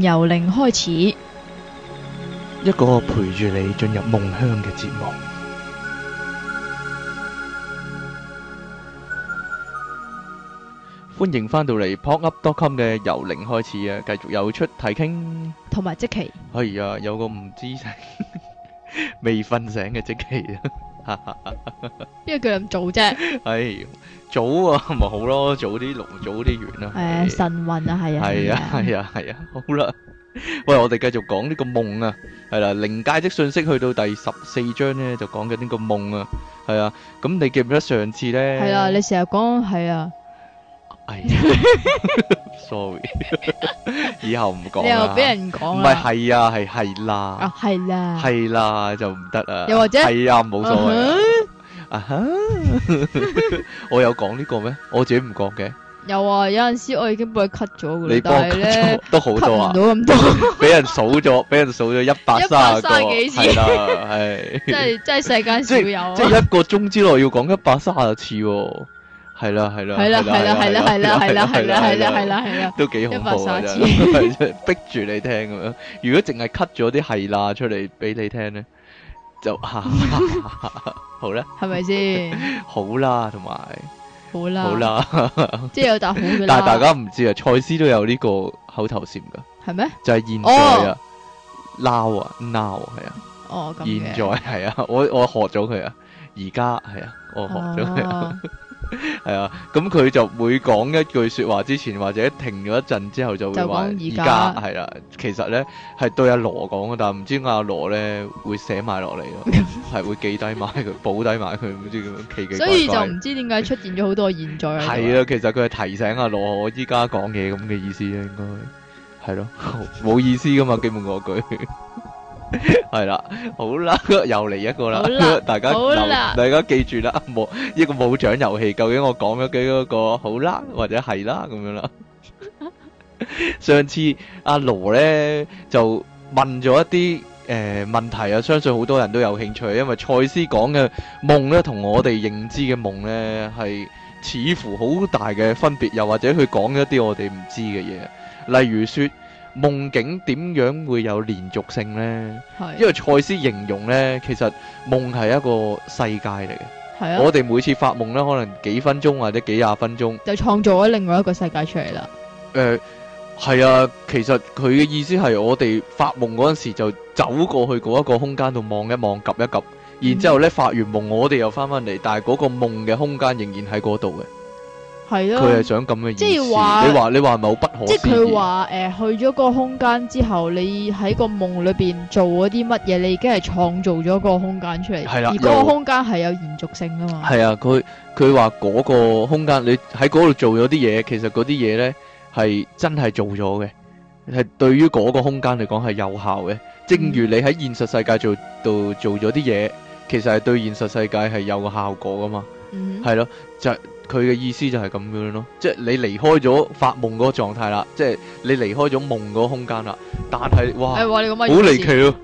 由零開始，一個陪住你進入夢鄉嘅節目。歡迎返到嚟撲噏多襟嘅由零開始啊！繼續有出題傾，同埋即期。係啊，有個唔知醒未瞓醒嘅即期啊！邊個叫你咁早啫？係早啊，咪好咯，早啲錄，早啲完啦。誒，神運啊，係啊，係啊，係啊，係啊，好啦。喂，我哋繼續講呢個夢啊，係啦，靈界的訊息去到第十四章咧，就講緊呢個夢啊，係啊。咁你記唔記得上次咧？係啊，你成日講係啊。哎 呀，sorry， 以後唔講啦。你又俾人講唔係係啊，係係啦。啊，係啦、啊，係啦、啊，就唔得啊。又或者係啊，冇所謂啊。Uh -huh. Uh -huh. 我有講呢個咩？我自己唔講嘅。有啊，有陣時我已經俾佢 cut 咗你幫我 cut 都好多啊咁多，俾 人數咗，俾人數咗一百三十幾次，係 啦、啊，係、啊。 真係真係世界少有、啊、即係一個鐘之內要講一百三十次、哦。係啦，係啦，係啦，係啦，係啦，係啦，係啦，係啦，係啦，係啦，都幾好，一逼住 你聽咁樣。如果淨係 cut 咗啲係啦出嚟俾你聽咧，就、啊、 好啦係咪先？好啦，同埋好啦，好啦， 即係有答好嘅。但係大家唔知啊，賽斯都有呢個口頭禪噶，係咩？就係、是、現在啊、oh!，now 啊，now 係啊，哦、oh,，現在係啊，我我學咗佢啊，而家係啊，我學咗佢啊。 係 啊，咁佢就每講一句說話之前，或者停咗一陣之後就，就會話而家係啦。其實咧係對阿羅講嘅，但係唔知阿羅咧會寫埋落嚟咯，係 會記低埋佢補低埋佢，唔知點奇奇怪怪，所以就唔知點解出現咗好多現象。係 啊。其實佢係提醒阿羅， 我依家講嘢咁嘅意思啫，應該係咯，冇意思噶嘛，基本嗰句。 係 啦，啦，好啦，又嚟一個啦，大家大家記住啦，一呢、這個冇獎遊戲究竟我講咗幾多個，個好啦，或者係啦咁樣啦。 上次阿羅呢，就問咗一啲誒、呃、問題啊，相信好多人都有興趣，因為賽斯講嘅夢呢，同我哋認知嘅夢呢，係似乎好大嘅分別，又或者佢講一啲我哋唔知嘅嘢，例如說。夢境點樣會有連續性咧？係，因為賽斯形容咧，其實夢係一個世界嚟嘅。係啊，我哋每次發夢咧，可能幾分鐘或者幾廿分鐘，就創造咗另外一個世界出嚟啦。誒，係啊，其實佢嘅意思係我哋發夢嗰陣時就走過去嗰一個空間度望一望，及一及，然之後咧發完夢，我哋又返返嚟，但係嗰個夢嘅空間仍然喺嗰度嘅。係咯，佢係想咁嘅意思，即係話，你話你話係咪好不可思議？即係佢話誒，去咗個空間之後，你喺個夢裏邊做咗啲乜嘢，你已經係創造咗個空間出嚟，而嗰個空間係有延續性噶嘛？係啊，佢佢話嗰個空間，你喺嗰度做咗啲嘢，其實嗰啲嘢咧係真係做咗嘅，係對於嗰個空間嚟講係有效嘅。正如你喺現實世界做到做咗啲嘢，其實係對現實世界係有效果噶嘛？係咯，就。佢嘅意思就係咁樣咯，即係你離開咗發夢嗰個狀態啦，即係你離開咗夢嗰個空間啦。但係哇，你個咪，好離奇咯，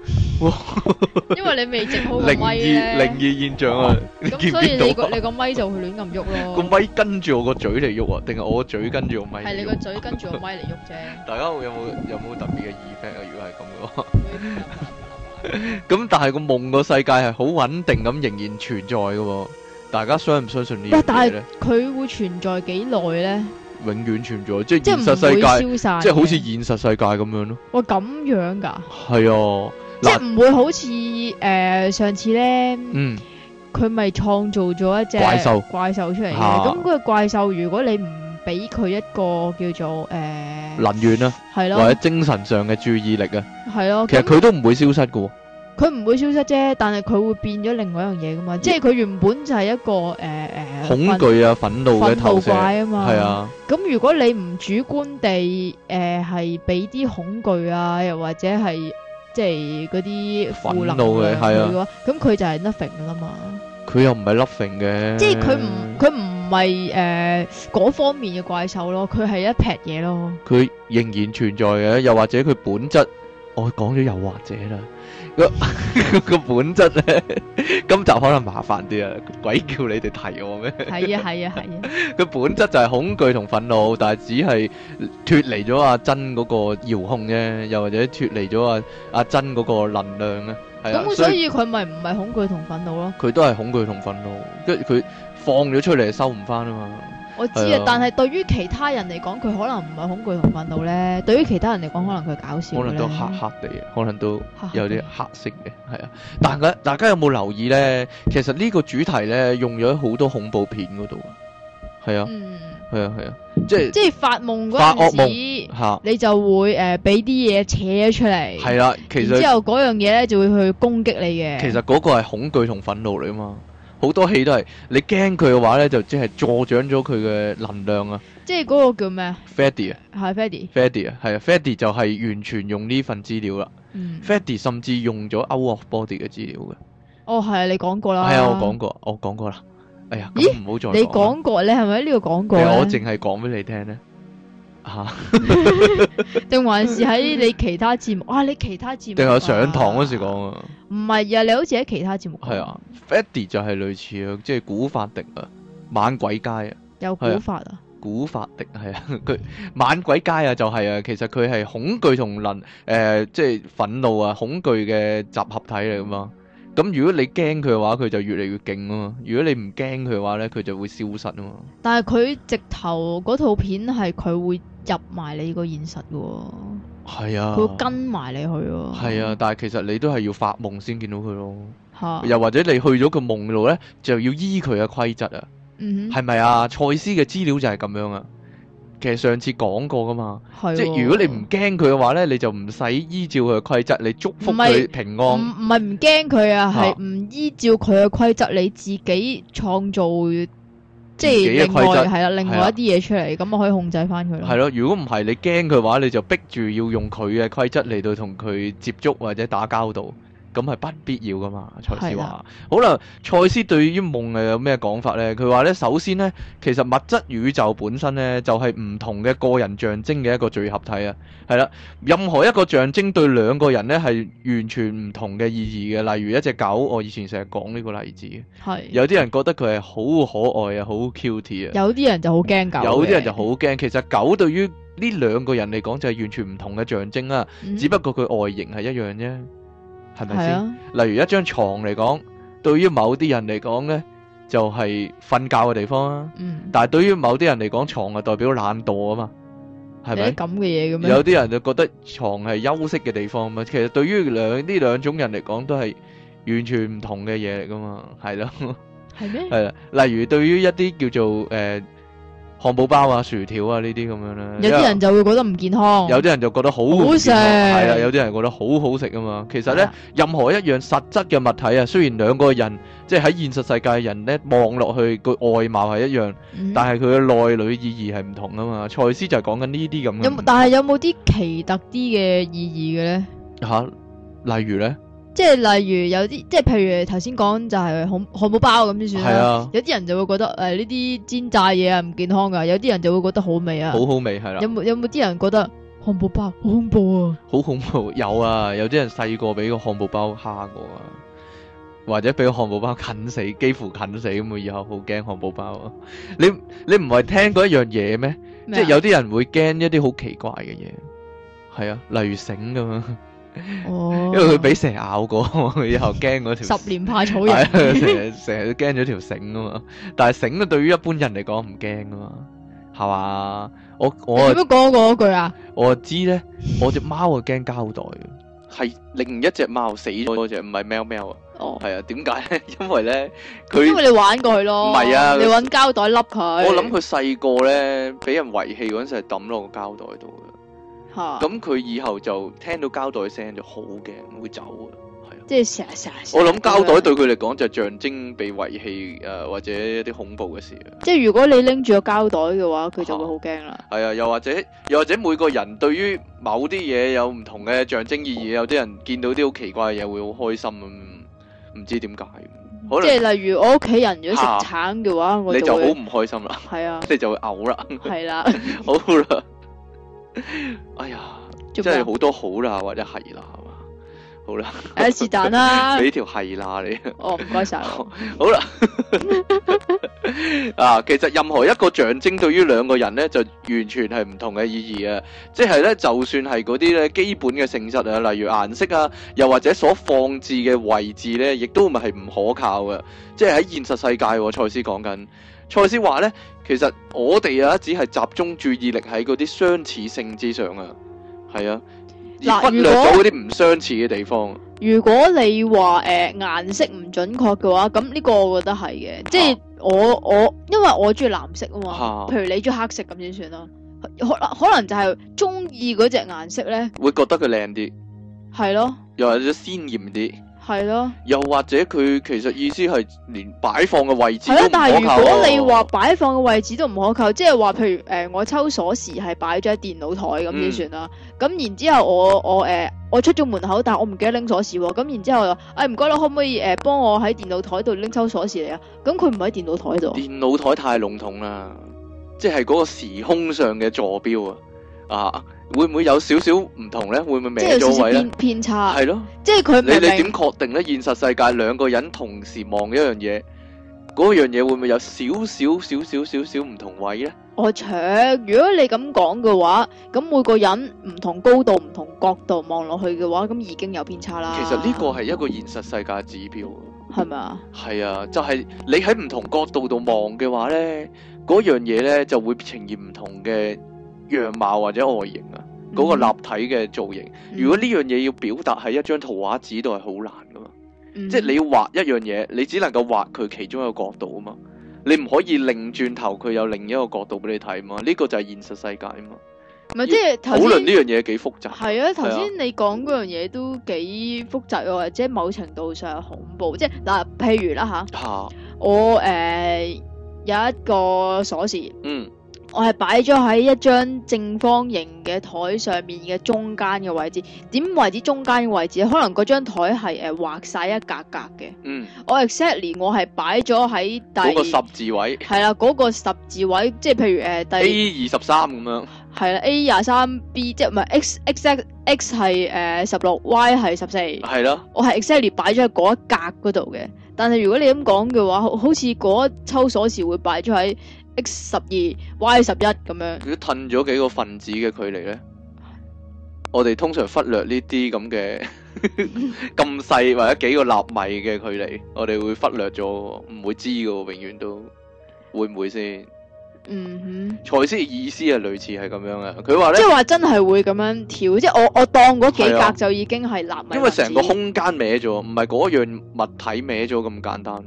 因為你未整好個咪咧。靈異靈異現象啊，見唔見到？咁所以你個你個咪就會亂咁喐咯。個咪跟住我個嘴嚟喐啊，定係我個嘴跟住個咪？係你個嘴跟住個咪嚟喐啫。大家有冇有冇特別嘅耳返啊？如果係咁嘅話，咁但係個夢個世界係好穩定咁仍然存在㗎。大家相唔相信呢啲嘢咧？喂，但係佢會存在幾耐咧？永遠存在，即係現實世界唔會消失，即係好似現實世界咁樣咯。喂，咁樣噶？係啊，即係唔會好似誒上次咧，嗯，佢咪創造咗一隻怪獸怪獸出嚟嘅。咁嗰個怪獸，如果你唔俾佢一個叫做誒能源啊，係咯，或者精神上嘅注意力啊，係咯，其實佢都唔會消失噶。佢唔會消失啫，但係佢會變咗另外一樣嘢噶嘛。即係佢原本就係一個誒誒恐懼啊，憤怒嘅頭怪啊嘛。係啊，咁如果你唔主觀地誒係俾啲恐懼啊，又或者係即係嗰啲憤怒嘅係啊，咁佢就係 nothing 噶啦嘛。佢又唔係 nothing 嘅，即係佢唔佢唔係誒嗰方面嘅怪獸咯，佢係一劈嘢咯。佢仍然存在嘅，又或者佢本質我講咗又或者啦。個個本質咧，今集可能麻煩啲啊！鬼叫你哋提我咩？係啊係啊係啊！佢本質就係恐懼同憤怒，但係只係脫離咗阿珍嗰個遙控啫，又或者脫離咗阿阿珍嗰個能量咧，係啊，所以佢咪唔係恐懼同憤怒咯？佢都係恐懼同憤怒，跟住佢放咗出嚟收唔翻啊嘛。我知啊，是啊，但係對於其他人嚟講，佢可能唔係恐懼同憤怒咧，嗯。對於其他人嚟講，可能佢搞笑可能都黑黑地，可能都有啲黑色嘅，係啊。但係大家有冇留意咧？其實呢個主題咧，用咗好多恐怖片嗰度。係啊，係、嗯、啊，係啊，啊，啊，即係即係發夢嗰陣時發惡夢，啊，你就會誒俾啲嘢扯咗出嚟。係啦、啊，其實之後嗰樣嘢咧就會去攻擊你嘅。其實嗰個係恐懼同憤怒嚟啊嘛。好多戲都係你驚佢嘅話咧，就即係助長咗佢嘅能量啊！即係嗰個叫咩 Freddy 啊，係 Freddy，Freddy 啊，係啊，Freddy 就係完全用呢份資料啦。嗯、Freddy 甚至用咗 out of body 嘅資料嘅。哦，係啊，你講過啦。係啊，我講過，我講過啦。哎呀，咁唔好再講。你講過，你係咪喺呢度講過？係啊，我淨係講俾你聽咧。吓、啊，定 還是喺你其他節目？哇、啊，你其他節目定係上堂嗰時講啊？唔係啊，啊，你好似喺其他節目。係啊 Freddy 就係類似啊，即係古法迪啊，猛鬼街啊，有古法啊，啊古法迪係啊，佢猛鬼街啊就係啊，其實佢係恐懼同能誒、呃，即係憤怒啊，恐懼嘅集合體嚟噶嘛。咁如果你驚佢嘅話，佢就越嚟越勁啊嘛！如果你唔驚佢嘅話咧，佢就會消失啊嘛。但係佢直頭嗰套片係佢會入埋你個現實嘅喎。係啊，佢會跟埋你去啊。係啊，但係其實你都係要發夢先見到佢咯。嚇、啊！又或者你去咗個夢路咧，就要依佢嘅規則啊。嗯哼。係咪啊？賽斯嘅資料就係咁樣啊。其實上次講過噶嘛，的即係如果你唔驚佢嘅話呢，你就唔使依照佢嘅規則，你祝福佢平安。唔，唔係唔驚佢啊，係唔依照佢嘅規則，你自己創造即係另外係啦，另外一啲嘢出嚟，咁我可以控制翻佢。係咯，如果唔係你驚佢嘅話，你就逼住要用佢嘅規則嚟到同佢接觸或者打交道。咁係不必要噶嘛？賽斯話好啦，賽斯對於夢又有咩講法呢？佢話呢，首先呢，其實物質宇宙本身呢，就係、是、唔同嘅個人象徵嘅一個聚合體啊。係啦，任何一個象徵對兩個人呢係完全唔同嘅意義嘅。例如一隻狗，我以前成日講呢個例子，係有啲人覺得佢係好可愛啊，好 cute 啊，有啲人就好驚狗，有啲人就好驚。其實狗對於呢兩個人嚟講就係完全唔同嘅象徵啊，嗯、只不過佢外形係一樣啫。係咪先？例如一張床嚟講，對於某啲人嚟講咧，就係瞓覺嘅地方啦。嗯，但係對於某啲人嚟講，床係代表懶惰啊嘛，係咪咁嘅嘢咁樣？有啲人就覺得床係休息嘅地方啊嘛。其實對於兩呢兩種人嚟講，都係完全唔同嘅嘢嚟噶嘛，係咯。係咩？係啦，例如對於一啲叫做誒。呃漢堡包啊、薯條啊呢啲咁樣咧，有啲人就會覺得唔健康，有啲人就覺得好好食，係啊，有啲人覺得好好食啊嘛。其實呢、啊，任何一樣實質嘅物體啊，雖然兩個人即係喺現實世界嘅人呢，望落去個外貌係一樣，嗯、但係佢嘅內裏意義係唔同啊嘛。蔡司就係講緊呢啲咁。有但係有冇啲奇特啲嘅意義嘅咧？嚇、啊，例如呢。即係例如有啲即係譬如頭先講就係漢漢堡包咁先算啊。有啲人就會覺得誒呢啲煎炸嘢係唔健康噶，有啲人就會覺得好味啊，好好味係啦。有冇有冇啲人覺得漢堡包好恐怖啊？好恐怖有啊！有啲人細個俾個漢堡包吓過啊，或者俾個漢堡包啃死，幾乎啃死咁啊！以後好驚漢堡包。你你唔係聽過一樣嘢咩？即係有啲人會驚一啲好奇怪嘅嘢，係啊，例如繩咁啊。哦、oh.，因為佢俾蛇咬過，以後驚嗰條十年怕草人，成日都驚咗條繩啊嘛。但係繩對於一般人嚟講唔驚啊嘛，係嘛？我我都講過句 一喵喵、oh. 啊？我知咧，我隻貓啊驚膠袋，係另一隻貓死咗嗰隻唔係喵喵啊。哦，係啊，點解咧？因為咧佢因為你玩過佢咯，唔係啊？你搵膠袋笠佢。我諗佢細個咧俾人遺棄嗰陣時抌落個膠袋度。咁、啊、佢以後就聽到膠袋聲就好驚，會走啊。即係成日成日。我諗膠袋對佢嚟講就象徵被遺棄、呃、或者一啲恐怖嘅事。即係如果你拎住個膠袋嘅話，佢就會好驚啦。係啊，又或者又或者每個人對於某啲嘢有唔同嘅象徵意義、嗯，有啲人見到啲好奇怪嘅嘢會好開心，嗯、唔知點解。即係例如我屋企人如果食橙嘅話、啊我，你就好唔開心啦。係啊，你就會嘔啦。係啦，好啦。哎呀，即係好多好啦，或者係啦，係嘛，好啦， 是但啦，你條係啦你，哦，唔該晒，好啦，好 啊，其實任何一個象徵對於兩個人咧，就完全係唔同嘅意義啊，即係咧，就算係嗰啲咧基本嘅性質啊，例如顏色啊，又或者所放置嘅位置咧，亦都唔係唔可靠嘅，即係喺現實世界、啊，賽斯講緊，賽斯話咧。其實我哋啊只係集中注意力喺嗰啲相似性之上是啊，係啊，而忽略咗嗰啲唔相似嘅地方。如果，如果你話誒顏色唔準確嘅話，咁呢個我覺得係嘅，即係、啊、我我因為我中意藍色啊嘛，啊譬如你中意黑色咁點算啊？可可能就係中意嗰隻顏色咧，會覺得佢靚啲，係咯，又或者鮮艷啲。係咯，又或者佢其實意思係連擺放嘅位置都唔可靠，係啦，但係如果你話擺放嘅位置都唔可靠，即係話譬如誒、呃、我抽鎖匙係擺咗喺電腦台咁先算啦，咁、嗯、然之後我我誒、呃、我出咗門口，但我唔記得拎鎖匙喎，咁然之後誒唔該你可唔可以誒、呃、幫我喺電腦台度拎抽鎖匙嚟啊？咁佢唔喺電腦台度，電腦台太籠統啦，即係嗰個時空上嘅坐標啊。啊，會唔會有少少唔同呢？會唔會歪咗位呢？即係有少少偏差。係咯，即係佢。你你點確定呢？現實世界兩個人同時望嘅一樣嘢，嗰樣嘢會唔會有少少少少少少唔同位呢？我請，如果你咁講嘅話，咁每個人唔同高度、唔同角度望落去嘅話，咁已經有偏差啦。其實呢個係一個現實世界指標，係咪啊？係啊，就係你喺唔同角度度望嘅話呢，嗰樣嘢呢就會呈現唔同嘅，樣貌或者外形啊，嗰、嗰個立體嘅造型，mm -hmm. 如果呢樣嘢要表達喺一張圖畫紙度係好難噶嘛，mm -hmm. 即係你要畫一樣嘢，你只能夠畫佢其中一個角度啊嘛，你唔可以擰轉頭佢有另一個角度俾你睇嘛，呢、呢個就係現實世界啊嘛，唔係即係討論呢樣嘢幾複雜的，係啊，頭先、啊、你講嗰樣嘢都幾複雜又或者某程度上恐怖，即係嗱、啊，譬如啦吓、啊啊，我誒、呃、有一個鎖匙，嗯。我係擺咗喺一張正方形嘅台上面嘅中間嘅位置。點為止中間嘅位置？可能嗰張台係誒畫晒一格格嘅。嗯。我 exactly 我係擺咗喺第嗰、那個十字位。係啦，嗰、那個十字位，即係譬如誒、呃、第 A 二十三咁樣。係啦，A 廿三 B 即係唔係？X X X X 係誒十六，Y 係十四。係咯。我係 exactly 擺咗喺嗰一格嗰度嘅。但係如果你咁講嘅話，好似嗰抽鎖匙會擺咗喺。x 十二 y 十一咁樣，如果褪咗幾個分子嘅距離咧，我哋通常忽略呢啲咁嘅咁細或者幾個納米嘅距離，我哋會忽略咗，唔會知嘅，永遠都會唔會先？嗯哼，賽斯嘅意思係類似係咁樣嘅，佢話咧，即係話真係會咁樣跳，即係我我當嗰幾格就已經係納米，啊，因為成個空間歪咗，唔係嗰樣物體歪咗咁簡單，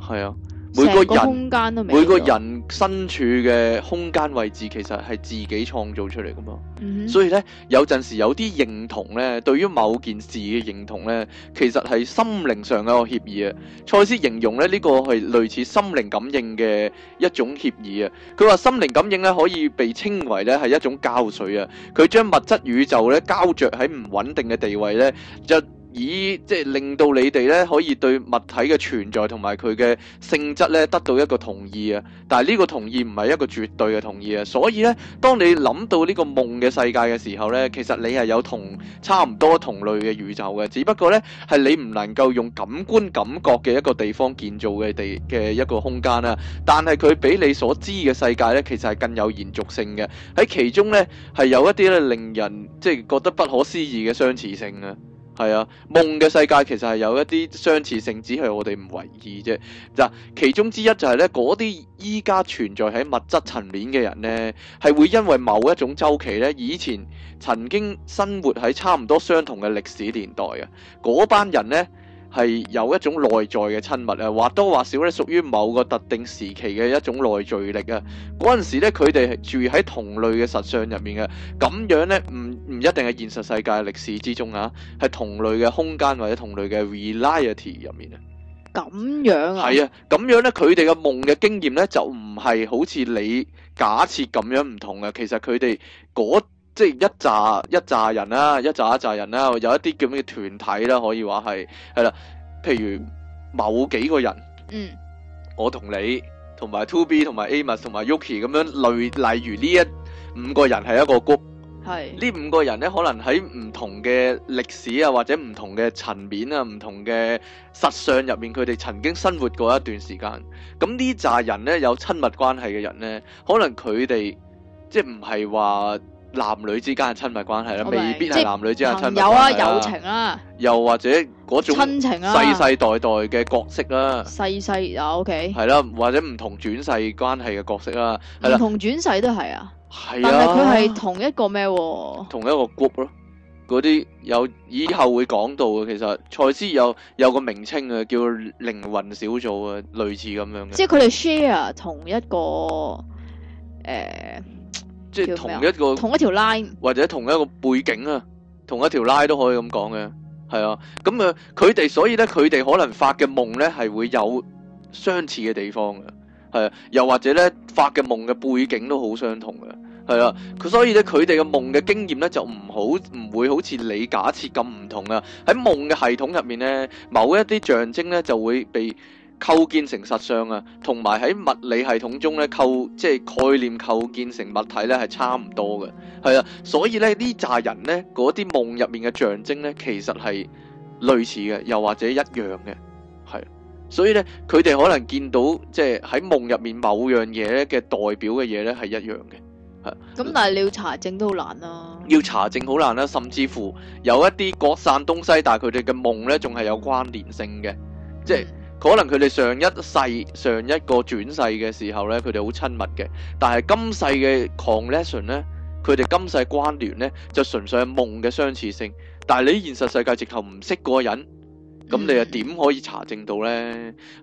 係啊。每個人個每個人身處嘅空間位置，其實係自己創造出嚟噶嘛。Mm-hmm. 所以呢，有陣時有啲認同呢，對於某件事嘅認同呢，其實係心靈上嘅一個協議啊。賽斯形容呢，呢個係類似心靈感應嘅一種協議啊。佢話心靈感應呢，可以被稱為呢係一種膠水啊，佢將物質宇宙呢膠着喺唔穩定嘅地位呢，就以即係令到你哋咧可以對物體嘅存在同埋佢嘅性質咧得到一個同意啊！但係呢個同意唔係一個絕對嘅同意啊！所以咧，當你諗到呢個夢嘅世界嘅時候咧，其實你係有同差唔多同類嘅宇宙嘅，只不過咧係你唔能夠用感官感覺嘅一個地方建造嘅地嘅一個空間啊！但係佢比你所知嘅世界咧，其實係更有延續性嘅。喺其中咧係有一啲咧令人即係覺得不可思議嘅相似性啊！係啊，夢嘅世界其實係有一啲相似性，只係我哋唔為意啫。嗱，其中之一就係咧，嗰啲依家存在喺物質層面嘅人呢，係會因為某一種週期呢，以前曾經生活喺差唔多相同嘅歷史年代啊，嗰班人呢。係有一種內在嘅親密啊，或多或少咧屬於某個特定時期嘅一種內聚力啊。嗰陣時咧，佢哋係住喺同類嘅實相入面嘅，咁樣咧唔唔一定係現實世界歷史之中啊，係同類嘅空間或者同類嘅 reality 入面啊。咁樣啊？係啊，咁樣咧，佢哋嘅夢嘅經驗咧就唔係好似你假設咁樣唔同嘅，其實佢哋嗰即係一扎一扎人啦，一扎、啊、一扎人啦、啊，有一啲叫咩嘅團體啦、啊，可以話係係啦。譬如某幾個人，嗯，我同你同埋 Two B 同埋 Amos 同埋 Yuki 咁樣類，例如呢一五個人係一個 group，係呢五個人咧，可能喺唔同嘅歷史啊，或者唔同嘅層面啊，唔同嘅實相入面，佢哋曾經生活過一段時間。咁呢扎人咧，有親密關係嘅人咧，可能佢哋即係唔係話，男女之間嘅親密關係啦，未必係男女之間嘅親密關係，有啊，友情啦、啊啊，又或者嗰種親情啦，世世代代嘅角色啦、啊啊，世世啊，OK。係啦、啊，或者唔同轉世關係嘅角色啦，唔、啊、同轉世都係啊。係啊，佢係同一個咩、啊？同一個 group 咯、啊，嗰啲有以後會講到嘅。其實賽斯有有個名稱啊，叫靈魂小組啊，類似咁樣嘅。即係佢哋 share 同一個誒。呃即係同一個同一條 line，或者同一個背景啊，同一條 line 都可以咁講嘅，係啊。咁啊，佢哋所以咧，佢哋可能發嘅夢咧係會有相似嘅地方嘅，係啊。又或者咧，發嘅夢嘅背景都好相同嘅，係啊，佢所以咧，佢哋嘅夢嘅經驗咧就唔好唔會好似你假設咁唔同啊。喺夢嘅系統入面咧，某一啲象徵咧就會被。構建成實相啊，同埋喺物理系統中咧構，即係概念構建成物體咧係差唔多嘅，係啊，所以咧呢扎人咧嗰啲夢入面嘅象徵咧，其實係類似嘅，又或者一樣嘅，係，所以咧佢哋可能見到即係喺夢入面某樣嘢咧嘅代表嘅嘢咧係一樣嘅，係。咁但係你要查證都好難啊，要查證好難啦，甚至乎有一啲各散東西，但係佢哋嘅夢咧仲係有關聯性嘅，即係。可能佢哋上一世、上一個轉世嘅時候咧，佢哋好親密嘅，但係今世嘅 connection 咧，佢哋今世關聯咧就純粹係夢嘅相似性，但係你現實世界直頭唔識嗰個人。咁你又點可以查證到呢？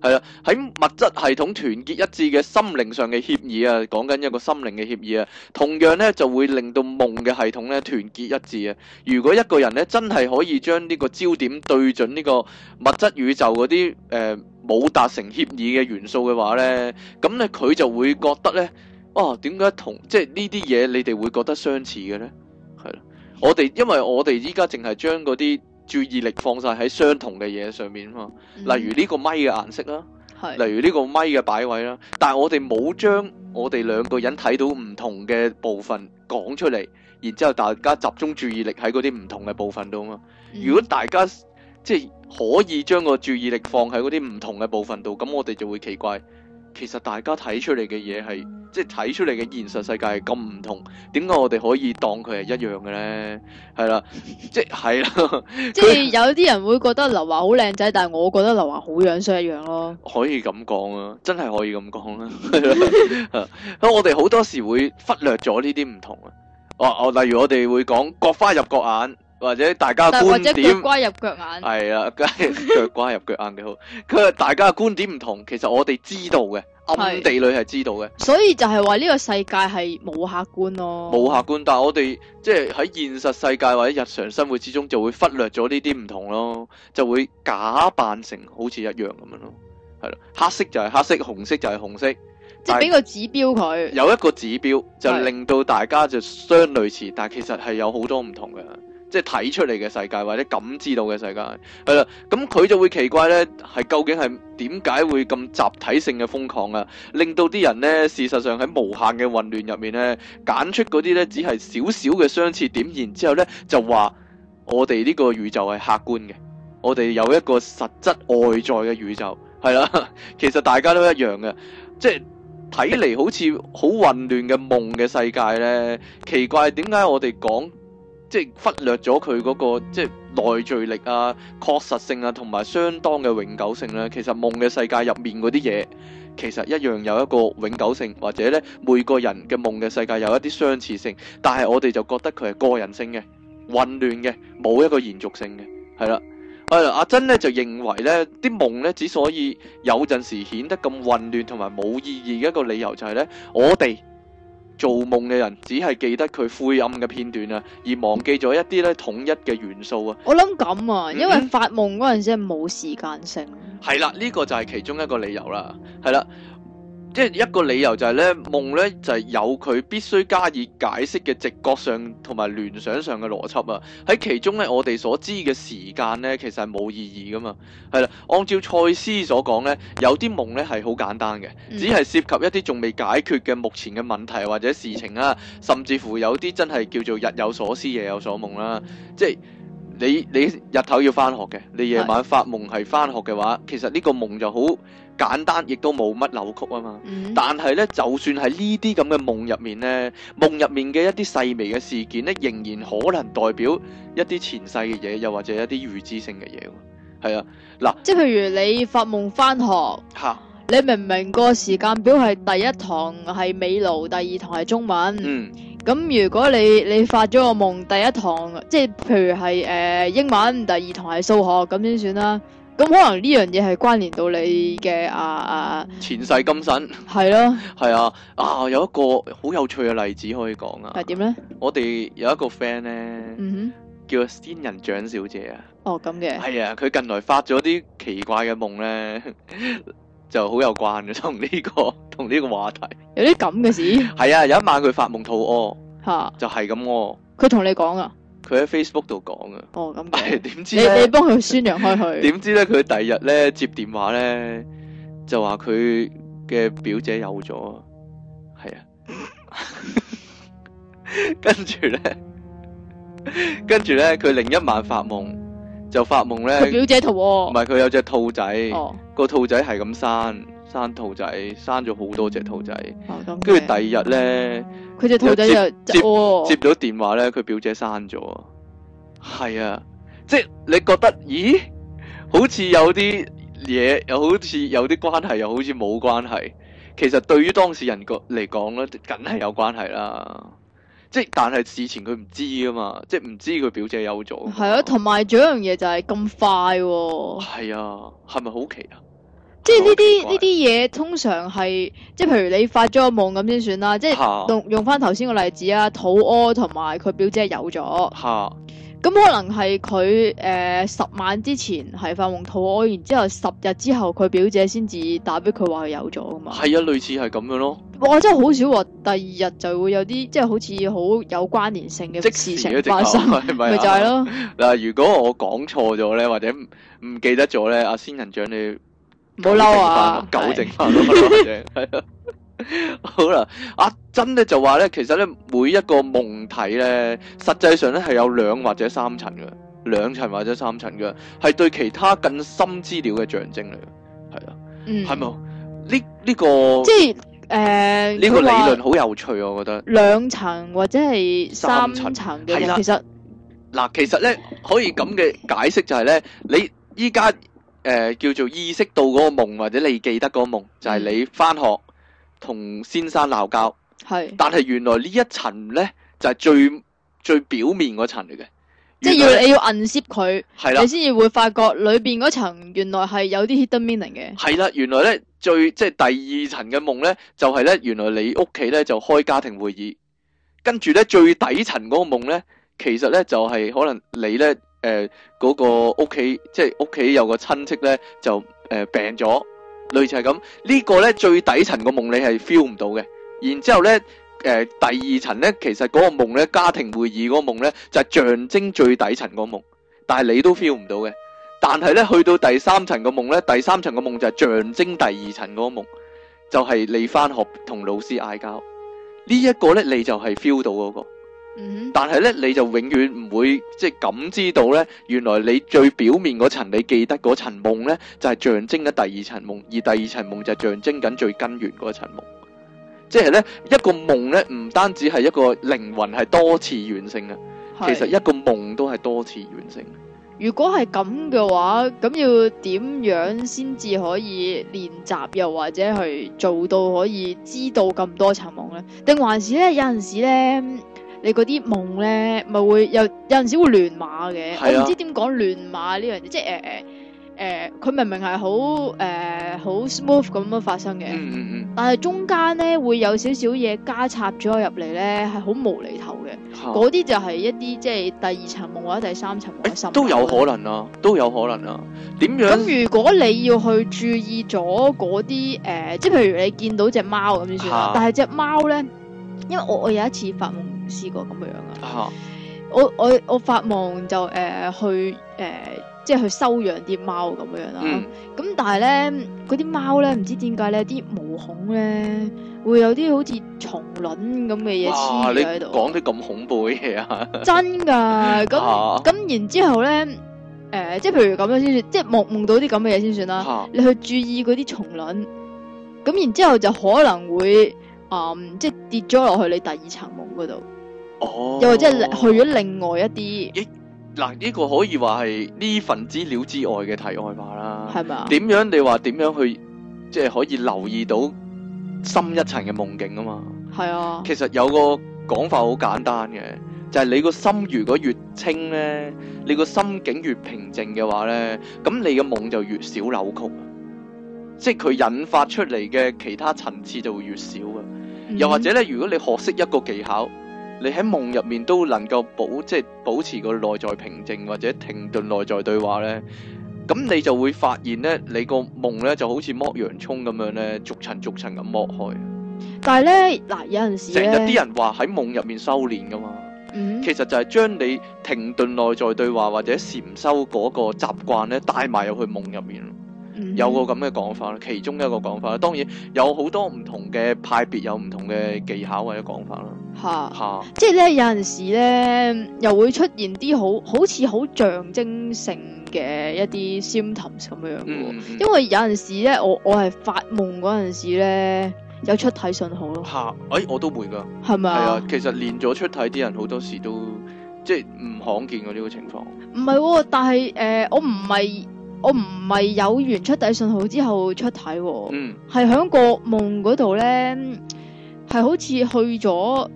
係、嗯、啦，喺物質系統團結一致嘅心靈上嘅協議啊，講緊一個心靈嘅協議啊，同樣呢就會令到夢嘅系統呢團結一致啊。如果一個人呢真係可以將呢個焦點對準呢個物質宇宙嗰啲誒冇達成協議嘅元素嘅話呢，咁呢佢就會覺得呢：「哦，點解同即係呢啲嘢你哋會覺得相似嘅呢？」係啦，我哋因為我哋依家淨係將嗰啲注意力放晒喺相同嘅嘢上面嘛，例如呢個咪嘅顏色啦，例如呢個咪嘅擺位啦，但係我哋冇將我哋兩個人睇到唔同嘅部分講出嚟，然之後大家集中注意力喺嗰啲唔同嘅部分度嘛、嗯。如果大家即係、就是、可以將個注意力放喺嗰啲唔同嘅部分度，咁我哋就會奇怪。其實大家睇出嚟嘅嘢係，即係睇出嚟嘅現實世界係咁唔同，點解我哋可以當佢係一樣嘅呢？係啦，即係啦，即係 有啲人會覺得劉華好靚仔，但係我覺得劉華好樣衰一樣咯。可以咁講啊，真係可以咁講啦。咁 我哋好多時會忽略咗呢啲唔同啊。哦，例如我哋會講各花入各眼。或者大家觀點，或者腳瓜入腳眼，係啊，腳瓜入腳眼幾好。佢 大家嘅觀點唔同，其實我哋知道嘅，暗地裏係知道嘅。所以就係話呢個世界係冇客觀咯，冇客觀。但係我哋即係喺現實世界或者日常生活之中，就會忽略咗呢啲唔同咯，就會假扮成好似一樣咁樣咯。係咯，黑色就係黑色，紅色就係紅色，即係俾個指標佢。有一個指標就令到大家就相類似，但係其實係有好多唔同嘅。即係睇出嚟嘅世界，或者感知到嘅世界，係啦。咁佢就會奇怪呢，係究竟係點解會咁集體性嘅瘋狂啊？令到啲人呢，事實上喺無限嘅混亂入面呢，揀出嗰啲呢，只係少少嘅相似點，然之後呢，就話我哋呢個宇宙係客觀嘅，我哋有一個實質外在嘅宇宙，係啦。其實大家都一樣嘅，即係睇嚟好似好混亂嘅夢嘅世界呢。奇怪係點解我哋講？即係忽略咗佢嗰個即係內聚力啊、確實性啊，同埋相當嘅永久性啦。其實夢嘅世界入面嗰啲嘢，其實一樣有一個永久性，或者咧每個人嘅夢嘅世界有一啲相似性，但係我哋就覺得佢係個人性嘅、混亂嘅、冇一個延續性嘅，係啦。阿阿珍咧就認為咧，啲夢咧之所以有陣時顯得咁混亂同埋冇意義嘅一個理由就係咧，我哋。做夢嘅人只係記得佢灰暗嘅片段啊，而忘記咗一啲咧統一嘅元素啊。我諗咁啊，因為、嗯、發夢嗰陣時係冇時間性。係啦，呢、呢個就係其中一個理由啦。係啦。即係一個理由就係咧，夢咧就係、是、有佢必須加以解釋嘅直覺上同埋聯想上嘅邏輯啊。喺其中咧，我哋所知嘅時間咧，其實係冇意義㗎嘛。係啦，按照賽斯所講咧，有啲夢咧係好簡單嘅，只係涉及一啲仲未解決嘅目前嘅問題或者事情啊，甚至乎有啲真係叫做日有所思夜有所夢啦、啊。即係你你日頭要返學嘅，你夜晚發夢係返學嘅話，的其實呢個夢就好簡單，亦都冇乜扭曲啊嘛。嗯、但係咧，就算係呢啲咁嘅夢入面咧，夢入面嘅一啲細微嘅事件咧，仍然可能代表一啲前世嘅嘢，又或者一啲預知性嘅嘢喎。係啊，嗱，即係譬如你發夢翻學，嚇，你明明個時間表係第一堂係美勞，第二堂係中文，咁、嗯、如果你你發咗個夢，第一堂即係譬如係、呃、英文，第二堂係數學，咁點算啦？咁可能呢樣嘢係關聯到你嘅啊啊前世今生係 咯、啊啊，係啊啊，有一個好有趣嘅例子可以講啊，係點咧？我哋有一個 friend 咧，嗯哼，叫仙人掌小姐啊。哦，咁嘅係啊，佢近來發咗啲奇怪嘅夢咧， 就好有關嘅，同呢、這個同呢個話題 。有啲咁嘅事？係啊，有一晚佢發夢肚屙，吓，就係咁喎。佢同你講啊。佢喺 Facebook 度講㗎，哦咁，點、嗯、知你你幫佢宣揚開佢？點知咧佢第二日咧接電話咧就話佢嘅表姐有咗，係啊， 跟住咧，跟住咧佢另一晚發夢就發夢咧，佢表姐圖、哦、佢有兔唔係佢有隻兔仔，哦那個兔仔係咁生。生兔仔，生咗好多隻兔仔，跟、嗯、住第二日呢，佢隻兔仔又接接，哦、接，接到電話呢，佢表姐生咗，係啊，即係你覺得，咦，好似有啲嘢，又好似有啲關係，又好似冇關係，其實對於當事人嚟講呢，梗係有關係啦，即但係事前佢唔知啊嘛，即係唔知佢表姐有咗，係啊，同埋仲有一樣嘢就係咁快、哦，係啊，係咪好奇啊？即係呢啲呢啲嘢通常係，即係譬如你發咗夢咁先算啦，即係用用翻頭先個例子啊， 肚屙同埋佢表姐有咗，咁 可能係佢誒十晚之前係發夢肚屙，然之後十日之後佢表姐先至打俾佢話佢有咗噶嘛？係啊，類似係咁樣咯。我真係好少話第二日就會有啲即係好似好有關聯性嘅即時性發生，咪、啊、 就係咯。嗱，如果我講錯咗咧，或者唔記得咗咧，阿仙人掌你？唔好嬲啊！糾正係啊。好啦，阿珍咧，就話咧，其實咧，每一個夢體咧，實際上咧，係有兩或者三層嘅。兩層或者三層嘅，係對其他更深資料嘅象徵嚟噶，係啊，係、嗯、冇。呢呢、這個即係誒呢個理論好有趣，我覺得兩層或者係三層嘅，其實嗱，其實咧可以咁嘅解釋就係咧，你依家。誒、呃，叫做意識到嗰個夢，或者你記得嗰個夢，就係、是、你翻學同先生鬧交。係，但係原,、就是、原來呢一層咧，就係最最表面嗰層嚟嘅。即係要你要 unzip 佢，你先至會發覺裏邊嗰層原來係有啲 hidden meaning 嘅。係啦，原來咧最即係、就是、第二層嘅夢咧，就係、是、咧原來你屋企咧就開家庭會議，跟住咧最底層嗰個夢咧，其實咧就係、是、可能你咧。誒、呃，嗰個屋企即係屋企有個親戚咧就誒、呃、病咗，類似係咁、這個、呢個咧最底層個夢你係 feel 唔到嘅，然之後咧誒、呃、第二層咧其實個夢咧家庭會議個夢咧就係、是、象徵最底層個夢，但係你都 feel 唔到嘅。但係咧去到第三層個夢咧，第三層個夢就係象徵第二層個夢，就係、是、你返學同老師嗌交、這個、呢一個咧你就係 feel 到、嗰個。嗯。但係咧，你就永遠唔會即係感知到咧。原來你最表面嗰層，你記得嗰層夢咧，就係、是、象徵緊第二層夢，而第二層夢就係象徵緊最根源嗰一層夢。即係咧，一個夢咧，唔單止係一個靈魂係多次完成嘅，其實一個夢都係多次完成的。如果係咁嘅話，咁要點樣先至可以練習，又或者去做到可以知道咁多層夢咧？定還是咧？有陣時咧？你嗰啲夢咧，咪會又有陣時會亂碼嘅。係啊、我唔知點講亂碼呢樣嘢，即係誒誒誒，佢、呃呃、明明係好誒好 smooth 咁樣發生嘅、嗯嗯嗯，但係中間咧會有少少嘢加插咗入嚟咧，係好無厘頭嘅。嗰、啊、啲就係一啲即係第二層夢或者第三層夢，都、欸、有可能啦、啊，都有可能啦、啊。點樣？咁如果你要去注意咗嗰啲誒，即係譬如你見到隻貓咁先啦，算啊、但係隻貓咧，因為我我有一次發夢。試過咁樣啊！我我我發夢就誒、呃、去誒、呃，即係去收養啲貓咁樣啦。咁、嗯、但係咧，嗰啲貓咧，唔知點解咧，啲毛孔咧會有啲好似蟲卵咁嘅嘢黐喺度。講得咁恐怖啊！ 真噶咁咁，啊、然之後咧誒、呃，即係譬如咁樣先算，即係夢夢到啲咁嘅嘢先算啦、啊。你去注意嗰啲蟲卵，咁然之後就可能會、嗯、即係跌咗落去你第二層夢嗰度。哦，又或者去咗另外一啲，咦？嗱，呢個可以話係呢份資料之外嘅題外話啦，係咪啊？點樣你話點樣去，即係可以留意到深一層嘅夢境啊嘛？係啊，其實有個講法好簡單嘅，就係你個心如果越清呢，你個心境越平靜嘅話呢，咁你嘅夢就越少扭曲，即係佢引發出嚟嘅其他層次就會越少啊。又或者呢，如果你學識一個技巧。你喺夢入面都能夠保，即係保持個內在平靜或者停頓內在對話呢，咁你就會發現呢，你個夢呢就好似剝洋蔥咁樣呢，逐層逐層咁剝開。但係呢，嗱、啊，有陣時咧，成日啲人話喺夢入面修煉噶嘛、嗯，其實就係將你停頓內在對話或者禪修嗰個習慣呢，帶埋入去夢入面，嗯、有個咁嘅講法啦。其中一個講法啦，當然有好多唔同嘅派別，有唔同嘅技巧或者講法啦。吓，即係咧，有陣時咧，又會出現啲好好似好象徵性嘅一啲 symptoms 咁樣、mm -hmm. 因為有陣時咧，我我係發夢嗰陣時咧，有出體信號咯。吓，誒，我都會噶，係咪啊？係啊，其實練咗出體啲人好多時都即係唔罕見嘅呢個情況。唔係，但係誒、呃，我唔係我唔係有完出體信號之後出體，嗯、mm -hmm.，係響個夢嗰度咧，係好似去咗。